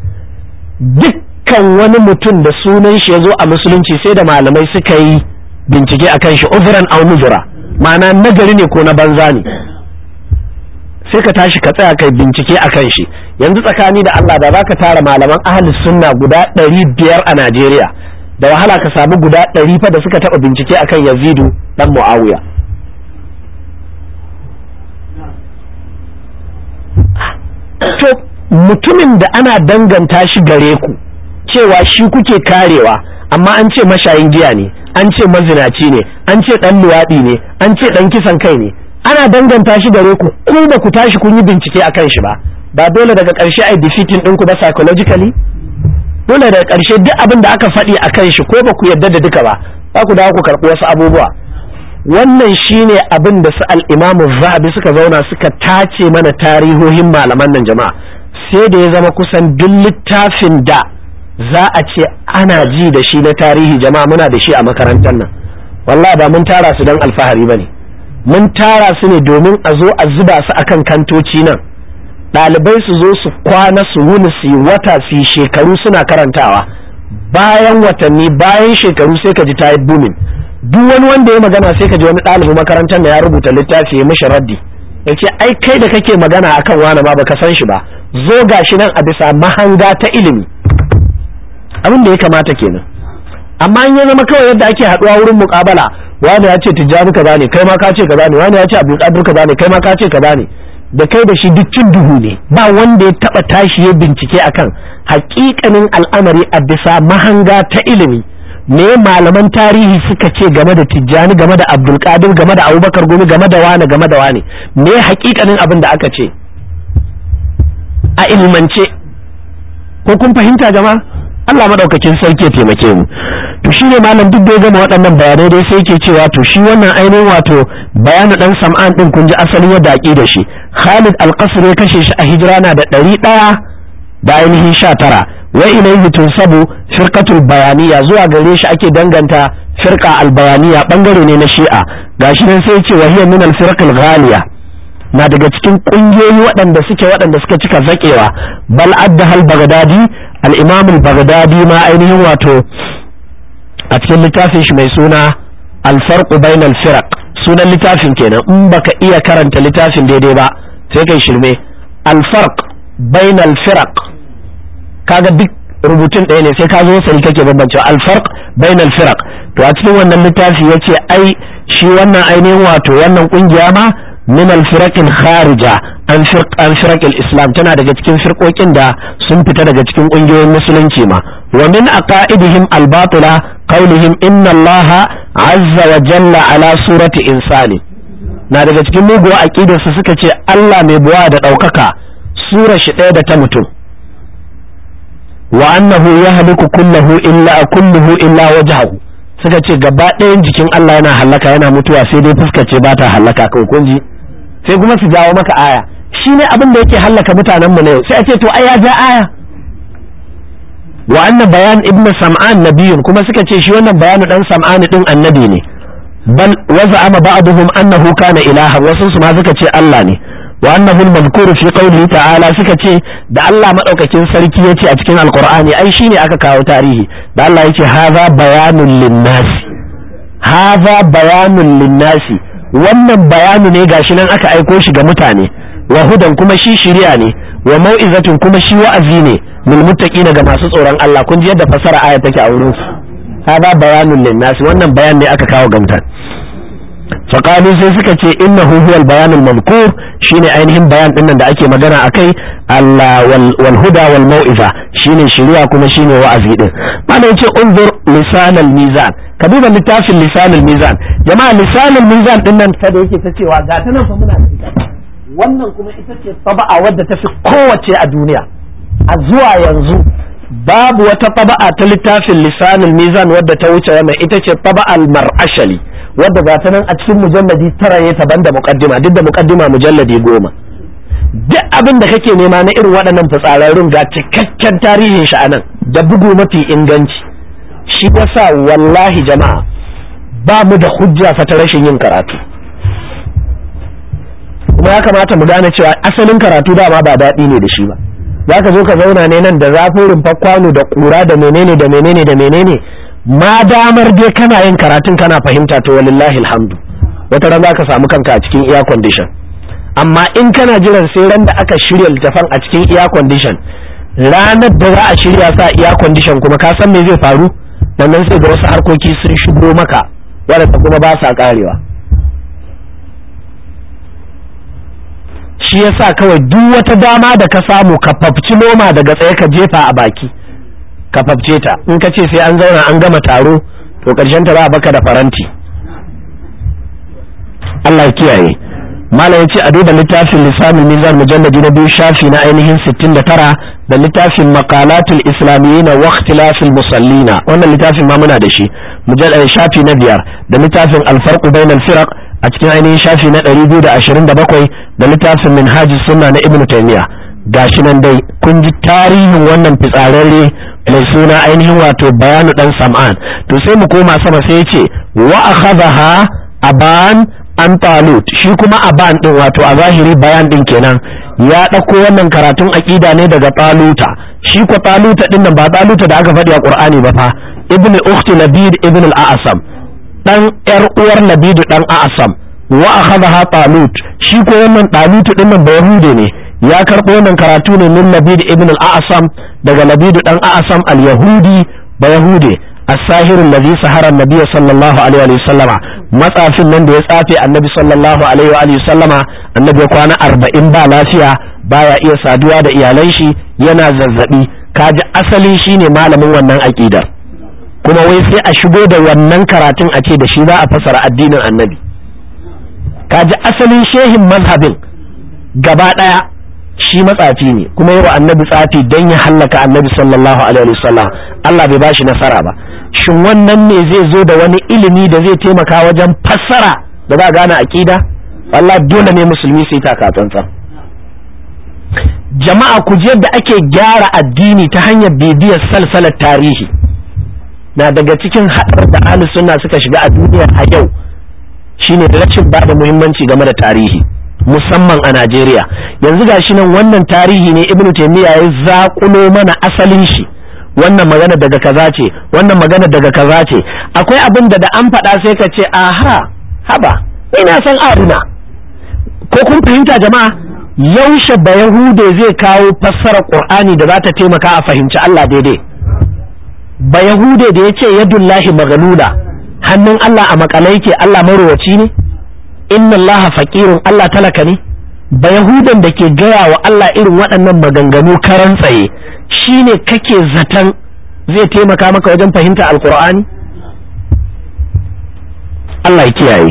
duk kan wani mutum da sunan shi ya zo a musulunci sai da malamai suka yi bincike a kan shi uzuran au nuzura ma'ana nagari ne ko na banza ne sai ka tashi ka tsaya kai bincike a kan shi yanzu tsakani da Allah da za ka tara malaman ahalus sunna guda ɗari biyar a Najeriya da wahala ka samu guda ɗari fa da suka taɓa bincike a kan Yazidu ɗan Mu'awiya to mutumin da ana danganta shi gare ku cewa shi kuke karewa amma an ce mashayin giya ne an ce mazinaci ne an ce dan luwaɗi ne an ce dan kisan kai ne ana danganta shi gare ku ku ba ku tashi kun yi bincike akan shi ba ba dole daga ƙarshe ai defeating ɗinku ba psychologically dole daga karshe duk abin da aka faɗi akan shi ko ba ku yarda da duka ba za ku dawo ku karɓi wasu abubuwa wannan shine abin da su al'imamu zabi suka zauna suka tace mana tarihohin malaman nan jama'a sai da ya zama kusan duk littafin da za a ce ana ji da shi na tarihi jama'a muna da shi a makarantar nan wallahi ba mun tara su don alfahari ba ne mun tara su ne domin a zo a zuba su akan kantoci nan ɗalibai su zo su kwana su wuni su wata su shekaru suna karantawa bayan watanni bayan shekaru sai ka ji ta yi duk wani wanda ya magana sai ka ji wani ɗalibin makarantar da ya rubuta littafi ya mishi raddi ya ce ai kai da kake magana akan wani ma baka san shi ba zo gashi nan a bisa mahanga ta ilimi abin da ya kamata kenan amma in ya zama kawai yadda ake haduwa wurin mukabala, wani ya ce tijjani kaza ne kai ma ka ce kaza ne wani ya ce abdul kadir kaza ne kai ma ka ce kaza ne da kai da shi duk cin duhu ne ba wanda ya taba tashi ya bincike akan hakikanin al'amari a bisa mahanga ta ilimi me malaman tarihi suka ce game da tijjani game da Abdul kadir game da abubakar gumi game da wane game da wane me hakikanin abin da aka ce a ilmance ko kun fahimta jama'a Allah madaukakin sarki ya taimake mu to shine malam duk da ya gama waɗannan bayanai dai sai yake cewa to shi wannan ainihin wato bayanin dan sam'an din kun ji asalin yadda aki da shi Khalid al-Qasr ya kashe shi a hijira na da ɗari ɗaya da ainihin sha tara wa ilayhi tunsabu firqatul bayaniya zuwa gare shi ake danganta firqa al-bayaniya bangare ne na shi'a gashi nan sai ce wa hiya min al-firq ghaliya na daga cikin kungiyoyi waɗanda suke waɗanda suka cika zakewa bal adda hal bagdadi al-imam al-baghdadi ma ainihin wato a cikin littafin shi mai suna alfarƙu farq bain al sunan littafin kenan in baka iya karanta littafin daidai ba sai kai shirme al bain al-firaq kaga duk rubutun ɗaya ne sai ka zo sai kake bambancewa al-farq bain al to a cikin wannan littafi yace ai shi wannan ainihin wato wannan kungiya ma min alfirakin kharija an firq an islam tana daga cikin firqokin da sun fita daga cikin ƙungiyoyin musulunci ma wa min aqaidihim albatila qawlihim inna allaha azza wa jalla ala surati insani na daga cikin muguwa aqidarsu suka ce Allah mai buwa da daukaka sura shi ɗaya da ta mutum wa annahu yahliku kulluhu illa kulluhu illa wajhahu suka ce gaba ɗayan jikin Allah yana halaka yana mutuwa sai dai fuskace ba ta halaka kawai kun sai kuma su jawo maka aya shi ne abin da yake hallaka mutanen mu na yau sai a ce to ai ya ja aya wa anna bayan ibn sam'an nabiyun kuma suka ce shi wannan bayanu dan sam'an din annabi ne bal waza'ama ba'dhum annahu kana ilahan wasu su ma suka ce Allah ne wa annahu al-madhkuru fi qawlihi ta'ala suka ce da Allah madaukakin sarki yace a cikin alqur'ani ai shine aka kawo tarihi da Allah yace hadha bayanun lin-nas hadha bayanun lin-nasi wannan bayani ne gashi nan aka aiko shi ga mutane wa hudan kuma shi shiriya ne wa mau'izatun kuma shi wa'azi ne lil muttaqina ga masu tsoron Allah kun ji yadda fasara aya take a wurin su hada bayanun lin wannan bayan ne aka kawo ga mutane faƙalu sai suka ce inna huwal bayanul Mankur shine ainihin bayan dinnan da ake magana akai Allah wal huda wal mau'iza shine shiriya kuma shine wa'azi din mana yace unzur lisanal mizan ka duba littafin lisanal mizan jama'a lisanal mizan dinnan kada yake ta cewa ga ta nan fa muna da ita wannan kuma ita ce taba'a wadda ta fi kowace a duniya a zuwa yanzu babu wata taba'a ta littafin lisanul mizan wadda ta wuce wannan ita ce taba'al mar'ashali wadda ga a cikin mujalladi tara ne ta banda muqaddima duk da muqaddima mujalladi goma duk abin da kake nema na irin waɗannan fitsararrun ga cikakken tarihin shi anan da bugu mafi inganci shi yasa wallahi jama'a ba mu da hujja fa ta rashin yin karatu kuma ya kamata mu gane cewa asalin karatu dama ba daɗi ne da shi ba za ka zo ka zauna ne nan da zafin rumfar kwano da ƙura da menene da menene da menene ma damar dai kana yin karatun kana fahimta to walillahi alhamdu wata ran za ka samu kanka a cikin air condition amma in kana jiran sai ran da aka shirya littafan a cikin air condition ranar da za a shirya sa air condition kuma ka san me zai faru wannan sai da wasu harkoki sun shigo maka ta kuma ba sa karewa shi yasa kawai duk wata dama da ka samu ka fafci noma daga tsaye ka jefa a baki ka fafce ta in ka ce sai an zauna an gama taro to ƙarshen ta za a baka da faranti Allah ya kiyaye malam ce a duba littafin lisamin mizan mujalladi na biyu shafi na ainihin 69 da littafin makalatul islamiyyin wa ikhtilafil musallina wannan littafin ma muna da shi mujalladi eh, shafi na biyar da littafin alfarku bainal firaq a cikin ainihin shafi na 227 da littafin minhajus sunna na ibnu taymiya gashi nan dai kun ji tarihin wannan fitsararre mai suna ainihin wato bayanu dan sam'an to sai mu koma sama sai ya ce wa akhadha aban an talut shi kuma aban din wato a zahiri bayan din kenan ya ɗauko wannan karatun aƙida ne daga taluta shi ko taluta din nan ba taluta da aka faɗi a qur'ani ba fa ibn ukhti labid ibn al-asam dan yar uwar labid dan asam wa akhadha talut shi ko wannan talut din nan ba yahude ne ya karɓo wannan karatu ne min labid ibn al-asam daga labid dan asam al-yahudi ba yahude as-sahirin ladhi sahara an-nabiy sallallahu alaihi wa sallama matsafin nan da ya tsafe annabi sallallahu alaihi wa sallama annabi kwana 40 ba lafiya baya iya saduwa da iyalan shi yana zazzabi kaji asali shine malamin wannan aqidar kuma wai sai a shigo da wannan karatun a ce da shi za a fasara addinin annabi kaji asalin shehin mazhabin gaba ɗaya shi matsafi ne kuma yawa annabi tsafi don ya hallaka annabi sallallahu alaihi wasallam Allah bai bashi nasara ba shin wannan ne zai zo da wani ilimi da zai taimaka wajen fassara da za a gane aqida Allah dole ne musulmi sai taka tsantsan jama'a ku ji yadda ake gyara addini ta hanyar bibiyar salsalar tarihi na daga cikin haɗar da alisunna suka shiga a duniya a yau shine rashin bada muhimmanci game da tarihi musamman a Najeriya yanzu gashi nan wannan tarihi ne ibnu taymiya ya zaƙulo mana asalin shi wannan magana daga kaza ce wannan magana daga kaza ce akwai abin da da an faɗa sai ka ce aha haba ina san aruna ko kun fahimta jama'a yaushe ba yahude zai kawo fassara qur'ani da za ta taimaka a fahimci Allah daidai ba yahude da ya ce yadullahi magalula hannun Allah a makalai ke Allah marowaci ne inna allaha faqirun Allah talaka ne ba yahudan da ke gaya wa Allah irin waɗannan maganganu karan tsaye shine kake zaton zai taimaka maka wajen fahimta alqur'ani Allah ya kiyaye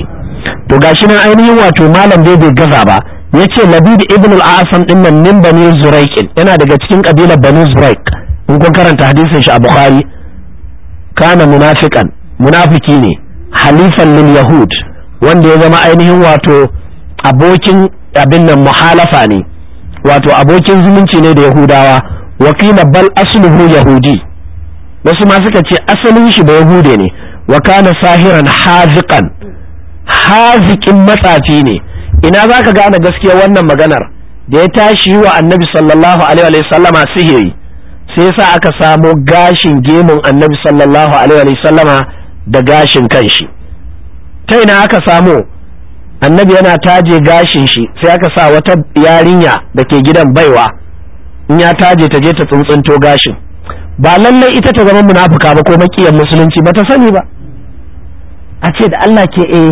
to gashi nan ainihin wato malam dai bai gaza ba yace labid ibn al-asam din nan min bani yana daga cikin kabilar bani Zuraik. in kun karanta hadisin shi a bukhari kana munafiqan munafiki ne halifan lil yahud wanda ya zama ainihin wato abokin abin nan muhalafa ne wato abokin zumunci ne da yahudawa wakila bal asluhu yahudi wasu ma suka ce asalin shi ba yahude ne wa kana sahiran haziqan haziƙin matsafi ne ina zaka gane gaskiya wannan maganar da ya tashi wa annabi sallallahu alaihi sallama sihiri sai sa aka samo gashin gemun annabi sallallahu alaihi sallama da gashin kanshi ta ina aka samu annabi yana taje gashin shi sai aka sa wata yarinya da ke gidan baiwa in ya taje ta je ta tsuntsunto gashin ba lallai ita ta zama munafuka ba ko makiyar musulunci ba ta sani ba a ce da Allah ke eh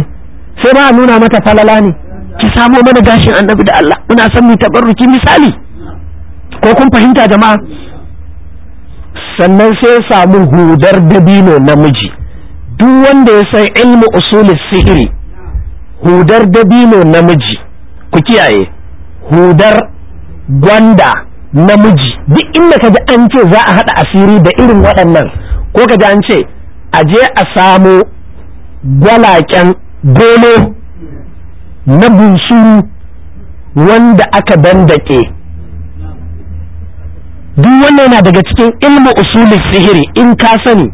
sai ba a nuna mata falala ne ki samo mana gashin annabi da Allah muna son mu tabarruki misali ko kun fahimta jama'a sannan sai samu hudar dabino namiji duk wanda ya san ilmi usulin sihiri hudar dabino namiji ku kiyaye hudar gwanda namiji duk inda ka ji an ce za a haɗa asiri da irin waɗannan ko ka ji an ce a je a samo gwalaken golo na bunsuru wanda aka dandake duk wannan yana daga cikin ilmi usulin sihiri in ka sani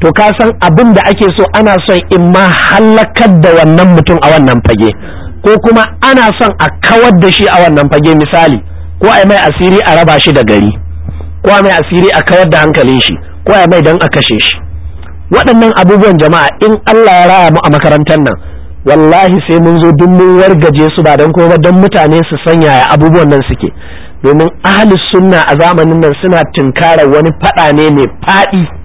to ka san abin da ake so ana son in ma halakar da wannan mutum a wannan fage ko kuma ana son a kawar da shi a wannan fage misali ko a mai asiri a raba shi da gari ko a mai asiri a kawar da hankalin shi ko a mai don a kashe shi waɗannan abubuwan jama'a in Allah ya raya mu a makarantar nan wallahi sai mun zo duk mun wargaje su ba don kuma don mutane su sanya ya abubuwan nan suke domin ahli sunna a zamanin nan suna tinkara wani faɗa ne mai faɗi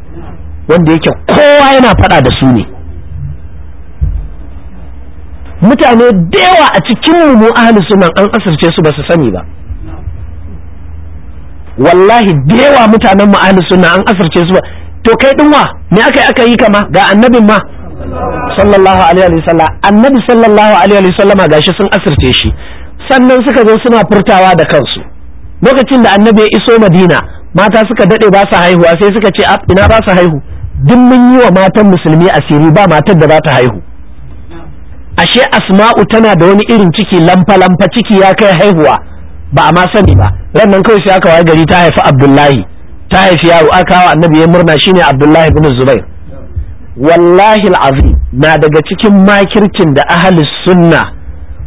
wanda yake kowa yana faɗa da su ne mutane da yawa a cikin mu ahli sunan an asirce su ba su sani ba wallahi da yawa mutanen mu ahli sunan an asirce su ba to kai din wa me aka yi aka yi kama ga annabin ma sallallahu alaihi wa annabi sallallahu alaihi wa sallama gashi sun asirce shi sannan suka zo suna furtawa da kansu lokacin da annabi ya iso madina mata suka dade ba su haihuwa sai suka ce ina ba su haihu duk mun yi wa matan musulmi asiri ba matar da za ta haihu ashe asma'u tana da wani irin ciki lamfa lamfa ciki ya kai haihuwa ba a ma sani ba ran nan kawai sai aka waye gari ta haifi abdullahi ta haifi yaro aka wa annabi ya murna shine abdullahi bin zubair wallahi alazim na daga cikin makircin da ahli sunna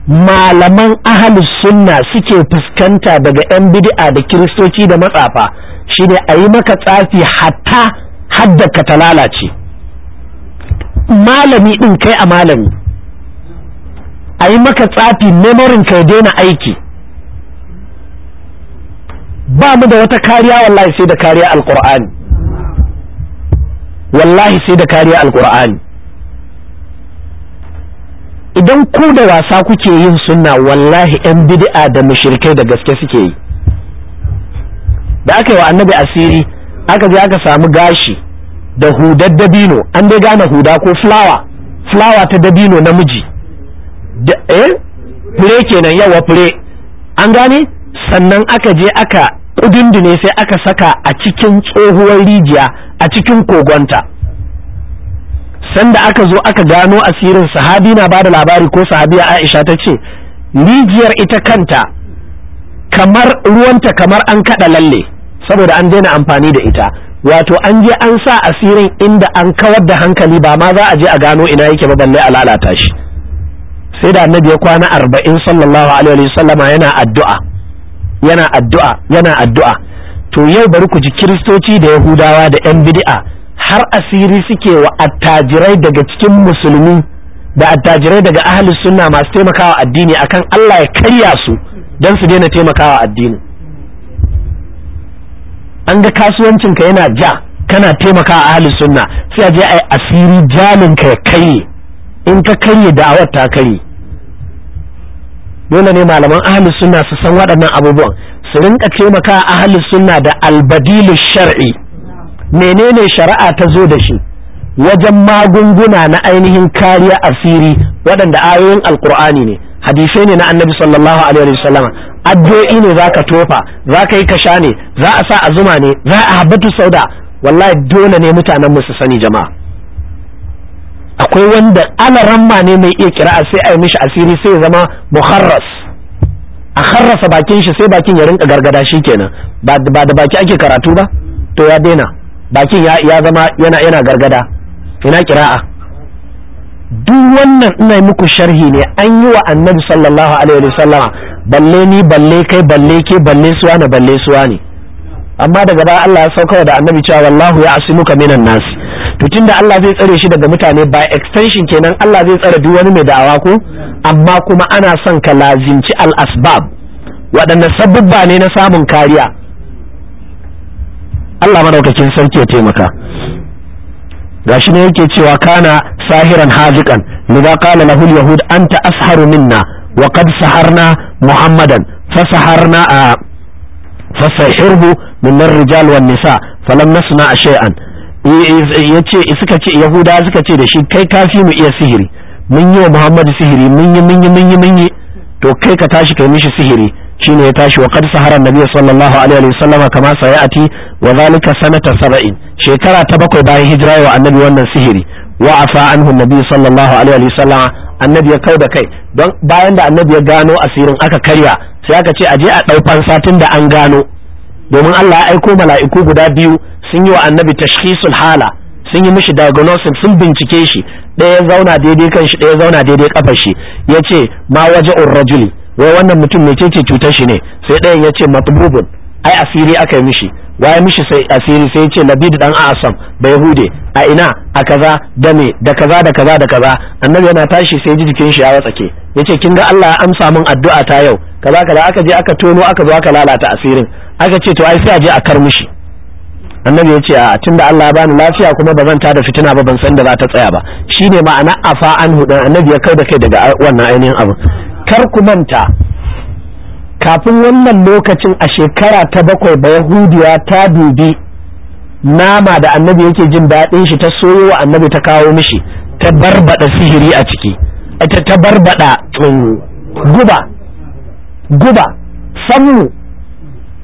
malaman ahli sunna suke fuskanta daga yan bid'a da kiristoci da matsafa shine a yi maka tsafi hatta haddaka ta lalace malami ɗin kai a malami a yi maka tsafi memorin ka daina aiki ba mu da wata kariya wallahi sai da kariya Alƙur'ani wallahi sai da kariya Alƙur'ani idan ku da wasa kuke yin sunna wallahi yan bid'a da mushrikai da gaske suke yi da aka yi wa annabi asiri aka je aka samu gashi da hudar dabino an dai gane huda ko fulawa fulawa ta dabino namiji eh fure kenan yawa fure an gane sannan aka je aka kudindine sai aka saka a cikin tsohuwar rijiya a cikin kogonta sanda aka zo aka gano asirin sahabi na bada labari ko sahabiya aisha ta ce rijiyar ita kanta kamar ruwanta kamar an kada lalle saboda an daina amfani da ita wato an je an sa asirin inda an kawar da hankali ba ma za a je a gano ina yake ba balle a lalata shi sai da annabi ya kwana arba'in sallallahu alaihi wa sallama yana addu'a yana addu'a yana addu'a to yau bari ku ji kiristoci da yahudawa da yan bid'a har asiri suke wa attajirai daga cikin musulmi da attajirai daga ahli sunna masu taimakawa addini akan Allah ya karya su don su daina taimakawa addini an ga kasuwancinka yana ja kana taimaka a ahli sunna sai a je a asiri ka ya kai in ka karye da'awar ta karye dole ne malaman ahli sunna su san waɗannan abubuwan su rinka taimaka a ahli sunna da albadilu shar'i menene shari'a ta zo da shi wajen magunguna na ainihin kariya asiri waɗanda ayoyin alkur'ani ne hadisai ne na annabi sallallahu alaihi wasallam addu'o'i ne zaka tofa zaka yi kasha ne za a sa a zuma ne za a habbatu sauda wallahi dole ne mutanen mu su sani jama'a akwai wanda alaramma ne mai iya kira'a sai a yi mishi asiri sai ya zama muharras a kharrasa bakin shi sai bakin ya rinka gargada shi kenan ba da baki ake karatu ba to ya daina bakin ya zama yana yana gargada ina kira'a duk wannan ina muku sharhi ne an yi wa annabi sallallahu alaihi wa sallama balle ni balle kai balle ke balle suwa na balle suwa ne amma daga baya Allah ya sauka da annabi cewa wallahu ya asimuka minan nas to tunda Allah zai tsare shi daga mutane by extension kenan Allah zai tsare duk wani mai da'awa ko amma kuma ana son ka lazimci al asbab waɗanne sabubba ne na samun kariya Allah madaukakin sarki ya taimaka gashi ne yake cewa kana sahiran hazikan liza qala lahu yahud anta asharu minna wa qad saharna muhammadan fasaharna a fasahirhu min ar-rijal wan nisa falam nasna shay'an yace suka ce yahuda suka ce da shi kai kafi mu iya sihiri mun yi wa muhammad sihiri mun yi mun yi mun yi to kai ka tashi kai mishi sihiri shine ya tashi wa qad sahara annabi sallallahu alaihi wa kama sayati wa zalika sanata sab'in shekara ta bakwai bayan hijira wa annabi wannan sihiri wa afa anhu annabi sallallahu alaihi wa annabi ya da kai don bayan da annabi ya gano asirin aka karya sai aka ce aje a ɗaufan satin da an gano domin Allah ya aiko mala'iku guda biyu sun yi wa annabi tashkhisul hala sun yi mishi diagnosis sun bincike shi ɗaya zauna daidai kan shi ɗaya zauna daidai kafar shi ce ma waje rajuli wai wannan mutum cece cutar shi ne sai ɗayan ya ce matububun ai asiri aka yi mishi waye mishi sai asiri sai ya ce labid dan asam bai hude a ina a kaza da me da kaza da kaza da kaza annabi yana tashi sai ji jikin shi ya watsake yace kin ga Allah ya amsa min addu'a ta yau kaza kaza aka je aka tono aka zo aka lalata asirin aka ce to ai sai a je a kar mishi annabi ya ce a tunda Allah ya bani lafiya kuma ba zan tada fitina ba ban san da za ta tsaya ba shine ma'ana afa anhu dan annabi ya da kai daga wannan ainihin abu kar ku manta kafin wannan lokacin a shekara ta bakwai ba yahudiya ta dubi nama da annabi yake jin daɗin shi ta soyo wa annabi ta kawo mishi ta barbada sihiri a ciki ita ta barbada guba guba sammu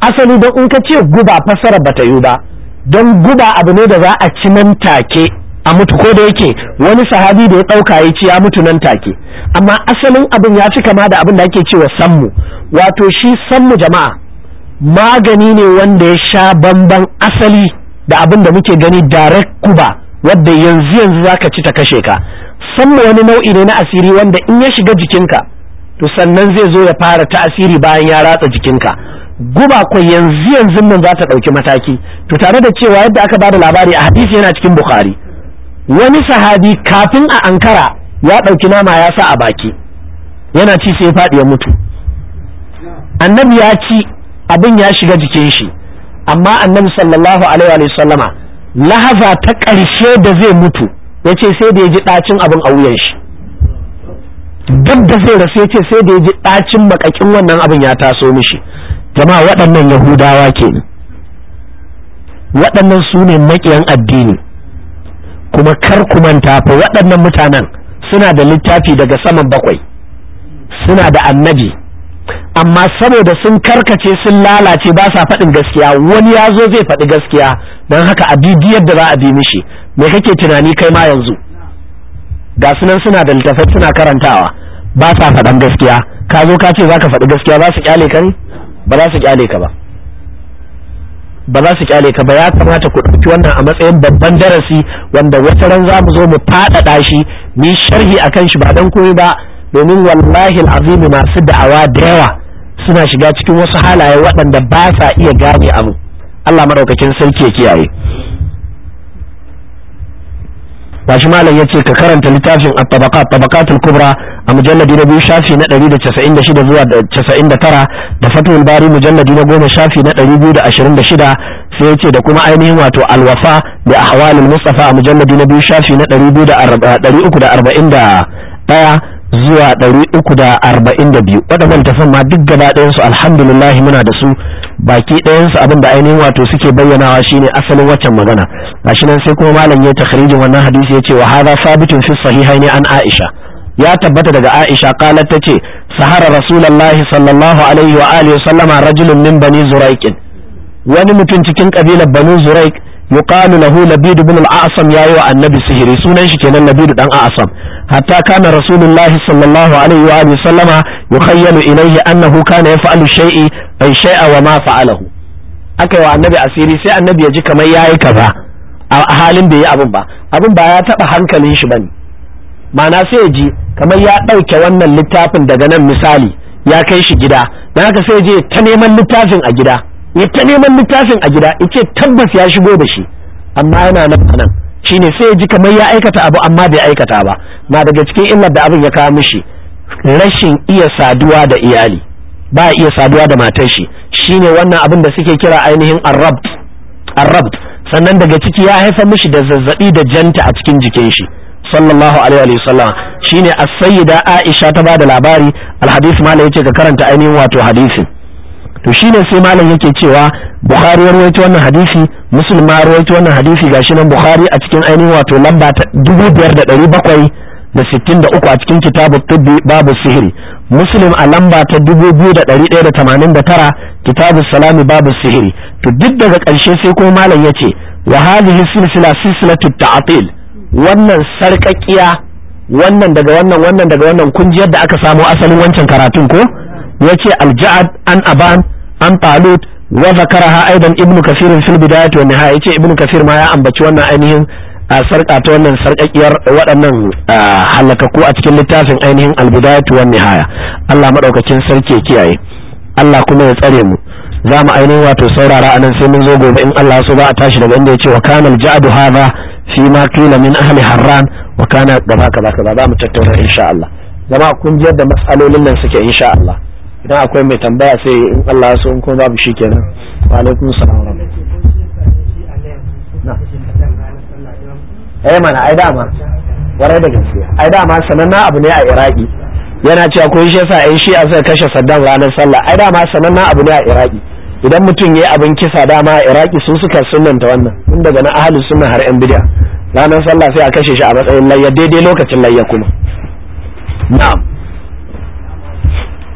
asali don in ka ce guba fasara bata yi ba don guba abu ne da za a ci nan take a mutu ko da yake wani sahabi da ya ɗauka ya ce ya mutu nan take amma asalin abin ya fi kama da abin da ake cewa sammu wato shi sammu jama'a magani ne wanda ya sha bamban asali da abin da muke gani direct kuba wadda yanzu yanzu zaka ci ta kashe ka sammu wani nau'i ne na asiri wanda in ya shiga jikinka to sannan zai zo ya fara ta'asiri bayan ya ratsa jikinka guba ko yanzu yanzu nan za ta ɗauki mataki to tare da cewa yadda aka bada labari a hadisi yana cikin bukhari wani sahabi kafin a ankara ya ɗauki nama ya sa a baki yana ci sai faɗi ya mutu annabi ya ci abin ya shiga jikin shi amma annabi sallallahu alaihi sallama lahaza ta ƙarshe da zai mutu ya ce sai da ya ji ɗacin abin a wuyan shi duk da zai rasu ya ce sai da ya ji ɗacin makakin wannan abin ya taso mishi jama'a waɗannan yahudawa ke waɗannan su ne maƙiyan addini kuma kar ku manta fa waɗannan mutanen suna da littafi daga saman bakwai suna da annabi amma saboda sun karkace sun lalace ba sa faɗin gaskiya wani ya zo zai faɗi gaskiya don haka a bibiyar da za a bi mishi me kake tunani kai ma yanzu ga sunan suna da littafai suna karantawa ba sa faɗan gaskiya ka zo ka ce za ka faɗi gaskiya za su kyale ka ba za su kyale ka ba ba za su kyale ka ba ya kamata ku ɗauki wannan a matsayin babban darasi wanda wata ran za mu zo mu faɗaɗa shi mu sharhi a kan shi ba dan koyi ba domin wallahi al'azim masu da'awa da yawa suna shiga cikin wasu halaye waɗanda ba sa iya gane abu Allah maɗaukakin sarki ya kiyaye gashi malam yace ka karanta littafin at-tabaqat tabaqatul kubra a mujalladi na biyu shafi na 196 zuwa 99 da fatul bari mujalladi na goma shafi na 226 sai yace da kuma ainihin wato alwafa wafa bi ahwalil mustafa a mujalladi na biyu shafi na 341 zuwa 342 waɗannan tafan ma duk gaba ɗayan su alhamdulillah muna da su baki ɗayansu abin da ainihin wato suke bayyanawa shine asalin waccan magana gashi nan sai kuma malam ya takhrijin wannan hadisi ya ce wa hadha sabitun fi sahihaini an aisha ya tabbata daga aisha qalat tace sahara rasulullahi sallallahu alaihi wa alihi sallama rajulun min bani zuraiq wani mutum cikin kabilar banu zuraiq yuqalu nahu labid ibn al ya yi wa annabi sihiri sunan shi kenan labid dan a'sam hatta kana rasulullahi sallallahu alaihi wa alihi sallama yukhayyalu ilayhi annahu kana yaf'alu shay'i ay shay'a wa ma fa'alahu akai wa annabi asiri sai annabi ya ji kamar yayi kaza a halin bai yi abin ba abin ba ya taba hankalin shi bane ma'ana sai ya ji kamar ya ɗauke wannan littafin daga nan misali ya kai shi gida na haka sai je ta neman littafin a gida ya ta neman littafin a gida ya ce tabbas ya shigo da shi amma yana nan Shi shine sai ya ji kamar ya aikata abu amma bai aikata ba na daga cikin illar da abin ya kawo mishi rashin iya saduwa da iyali ba iya saduwa da matar shi shine wannan abin da suke kira ainihin Arab, Arab. sannan daga ciki ya haifar mishi da zazzabi da janta a cikin jikin shi sallallahu alaihi wasallam shine as-sayyida Aisha ta bada labari al-hadith ma yace ka karanta ainihin wato hadisin to shine sai malam yake cewa bukhari ya rawaito wannan hadisi muslim ma rawaito wannan hadisi gashi nan bukhari a cikin ainihin wato lamba ta biyar da bakwai da da sittin uku a cikin kitabu tubbi babu sihiri muslim a lamba ta tara kitabu salami babu sihiri to duk daga ƙarshe sai kuma malam ya yace wa hadhihi silsila silsilatu ta'til wannan sarƙaƙiya wannan daga wannan wannan daga wannan kunjiyar da aka samo asalin wancan karatun ko yace al-ja'ad an aban an talut wa zakaraha aidan ibnu kasir fil bidayat wa nihaya yace ibnu kasir ma ya ambaci wannan ainihin a sarka ta wannan sarkakiyar waɗannan halakaku a cikin littafin ainihin albidayat wa nihaya Allah madaukakin sarki kiyaye Allah kuma ya tsare mu za mu ainihin wato saurara anan sai mun zo gobe in Allah so ba a tashi daga inda yace wa kana al-ja'du hadha fi ma qila min ahli harran wa kana gaba kaza kaza za mu tattauna insha Allah jama'a kun ji yadda matsalolin nan suke insha Allah idan akwai mai tambaya sai in Allah ya so in kuma babu shikenan wa alaikum salam eh mana ai dama warai da gaskiya ai dama sanannen abu ne a iraki yana cewa ko shi yasa ai a sai kashe saddam ranar sallah ai dama sanannen abu ne a iraki idan mutum ya abin kisa dama a iraki su suka sunanta wannan tun daga na ahli sunna har yan bid'a ranar sallah sai a kashe shi a matsayin layya daidai lokacin layya kuma na'am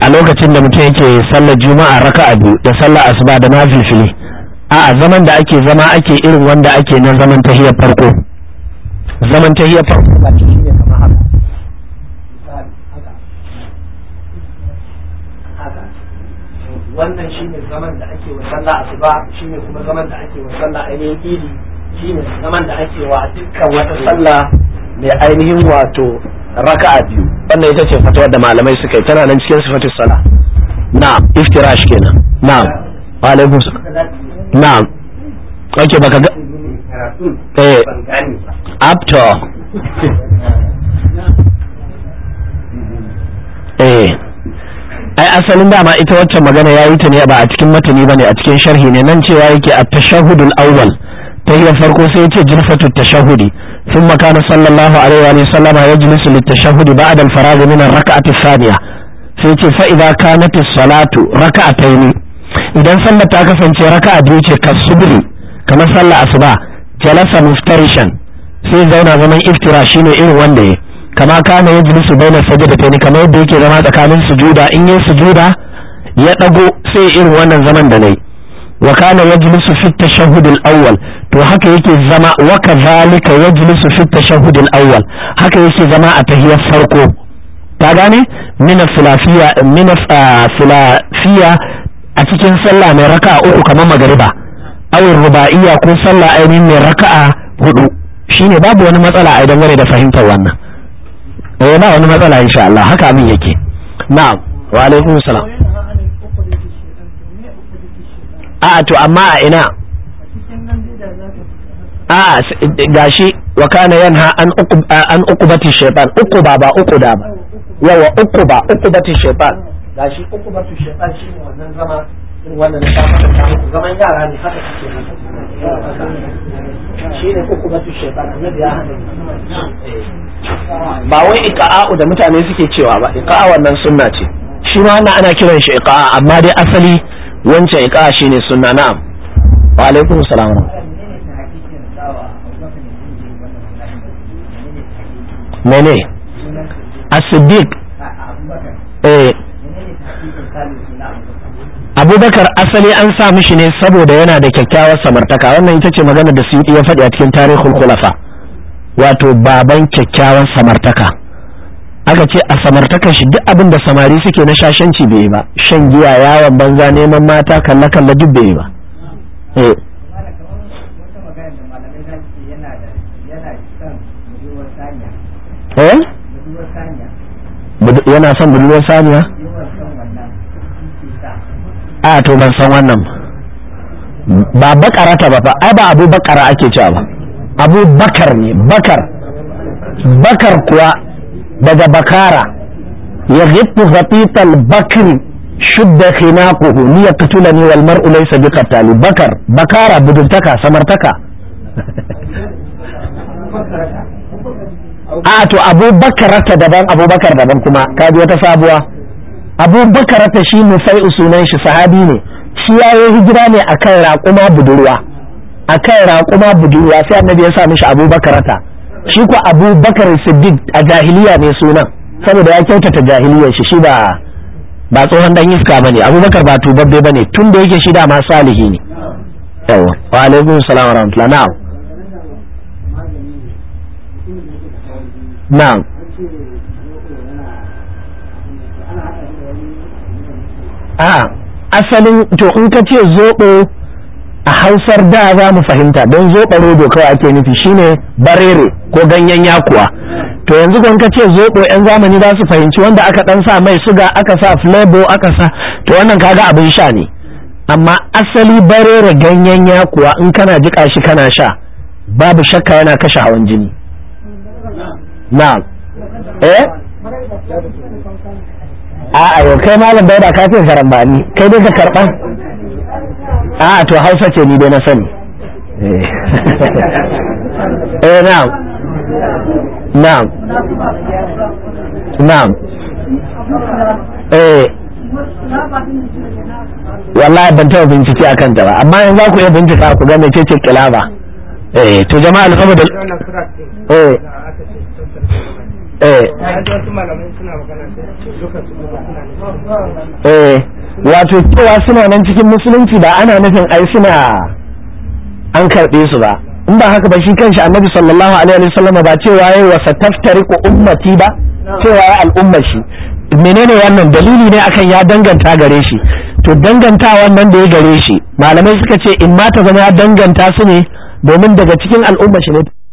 a lokacin da mutum yake sallar juma'a raka'a biyu da sallar asuba da nafilfili a'a zaman da ake zama ake irin wanda ake na zaman tahiyar farko zaman tahiyar farko ba ta shine kamar haka wannan shine zaman da ake wa sallah asuba shine kuma zaman da ake wa sallah ainihin idi shine zaman da ake wa dukkan wata sallah mai ainihin wato raka'a biyu wannan ita ce fatawar da malamai suka yi tana nan cikin sifatin sala na iftirash kenan na wa alaikum na oke baka ga eh apto eh ai asalin dama ita wacce magana ya yi ta ne ba a cikin matani ba ne a cikin sharhi ne nan cewa yake a tashahudul awwal tahiyyar farko sai ya ce jirfatu tashahudi ثم كان صلى الله عليه shahudi ba للتشهد بعد الفراغ من الركعة الثانية sai فإذا كانت الصلاة ركعتين idan sallar ta kasance raka biyu ce ka subri kamar sallar asuba jalasa muftarishan sai zauna zaman iftira shine irin wanda ya kama kama ya jilisu bai na sajadataini kamar yadda yake zama tsakanin sujuda in yi sujuda ya ɗago sai irin wannan zaman da nayi wa kana yajlisu fi tashahhud al-awwal to haka yake zama wa kadhalika yajlisu fi tashahhud al-awwal haka yake zama a tahiyar farko ta gane min filafiya min filafiya ah, a cikin sallah mai raka'a uku kamar magariba awin ruba'iyya ko sallah ainihin mai raka'a hudu shine babu wani matsala a idan gane da fahimtar wannan eh ba wani matsala insha Allah haka abin yake na'am wa alaikum salam a to amma a ina a gashi wa kana yanha an an uqubati shaytan uquba ba uquda ba yawa uquba uqubati shaytan gashi uqubati shaytan shi wannan zama wannan da samu da samu zaman yara ne haka suke shi ne uqubati shaytan annabi ya hada eh. ba wai iqa'u da mutane suke cewa ba iqa'a wannan sunna ce shi ma ana kiran shi iqa'a amma dai asali wancan iqa shine ne na'am wa alaikun salam mene as eh abubakar asali an sa shi ne saboda yana da kyakkyawar samartaka wannan ita ce magana da suyuti ya faɗi a cikin tarihul khulafa wato baban kyakkyawar samartaka aka ce a samartaka shi duk abin da samari suke na shashanci bai ba shan giya yawon banza neman mata kalla kalla duk bai ba eh. Eh? yana son budurwar saniya a to ban san wannan ba bakara ta ba fa ai ba abu bakara ake cewa ba abu bakar ne bakar bakar kuwa daga bakara ya gifu zafitan bakin shudda khinaquhu tutula ni wal mar'u laysa biqatali bakar bakara budurtaka samartaka a to abu bakarata daban abu bakar daban kuma kaji wata sabuwa abu bakarata shi mu sai usunan shi sahabi ne shi yayi hijira ne akan raƙuma budurwa akan raƙuma budurwa sai annabi ya sa mishi bakarata shi ko abu bakar siddiq a jahiliya ne sunan saboda ya kyautata jahiliyar shi shi ba ba tsohon dan iska bane abubakar ba tubabbe bane tun da yake shi da ma salihi ne yawa wa alaikum salam wa rahmatullah na'am na'am a ah, asalin to in ka ce zoɓo a hausar da za mu fahimta don zo doka a ake nufi shine barere ko ganyen yakuwa to yanzu kan ka ce zoɓo yan zamani za su fahimci wanda aka ɗan sa mai suga aka sa flebo aka sa to wannan kaga abin sha ne amma asali barere ganyen yakuwa in kana jiƙa shi kana sha babu shakka yana kashe hawan jini na eh a'a yau kai malam bai da kafin ni, kai dai ka karɓa a to hausa ce ni dai na sani eh. eh na'am na'am na'am eh wallahi ban taɓa bincike akan ta ba amma yanzu za ku iya bincika ku ga mece ce kilaba eh to jama'a alhamdulillah eh Eh. Eh. wato cewa suna nan cikin musulunci ba ana nufin ai suna an karɓe su ba in ba haka ba shi kanshi annabi sallallahu alaihi ba cewa yayi wa ku ummati ba cewa ya al'umma shi menene wannan dalili ne akan ya danganta gare shi to danganta wannan da ya gare shi malamai suka ce in ma ta zama ya danganta su ne domin daga cikin al'umma shi ne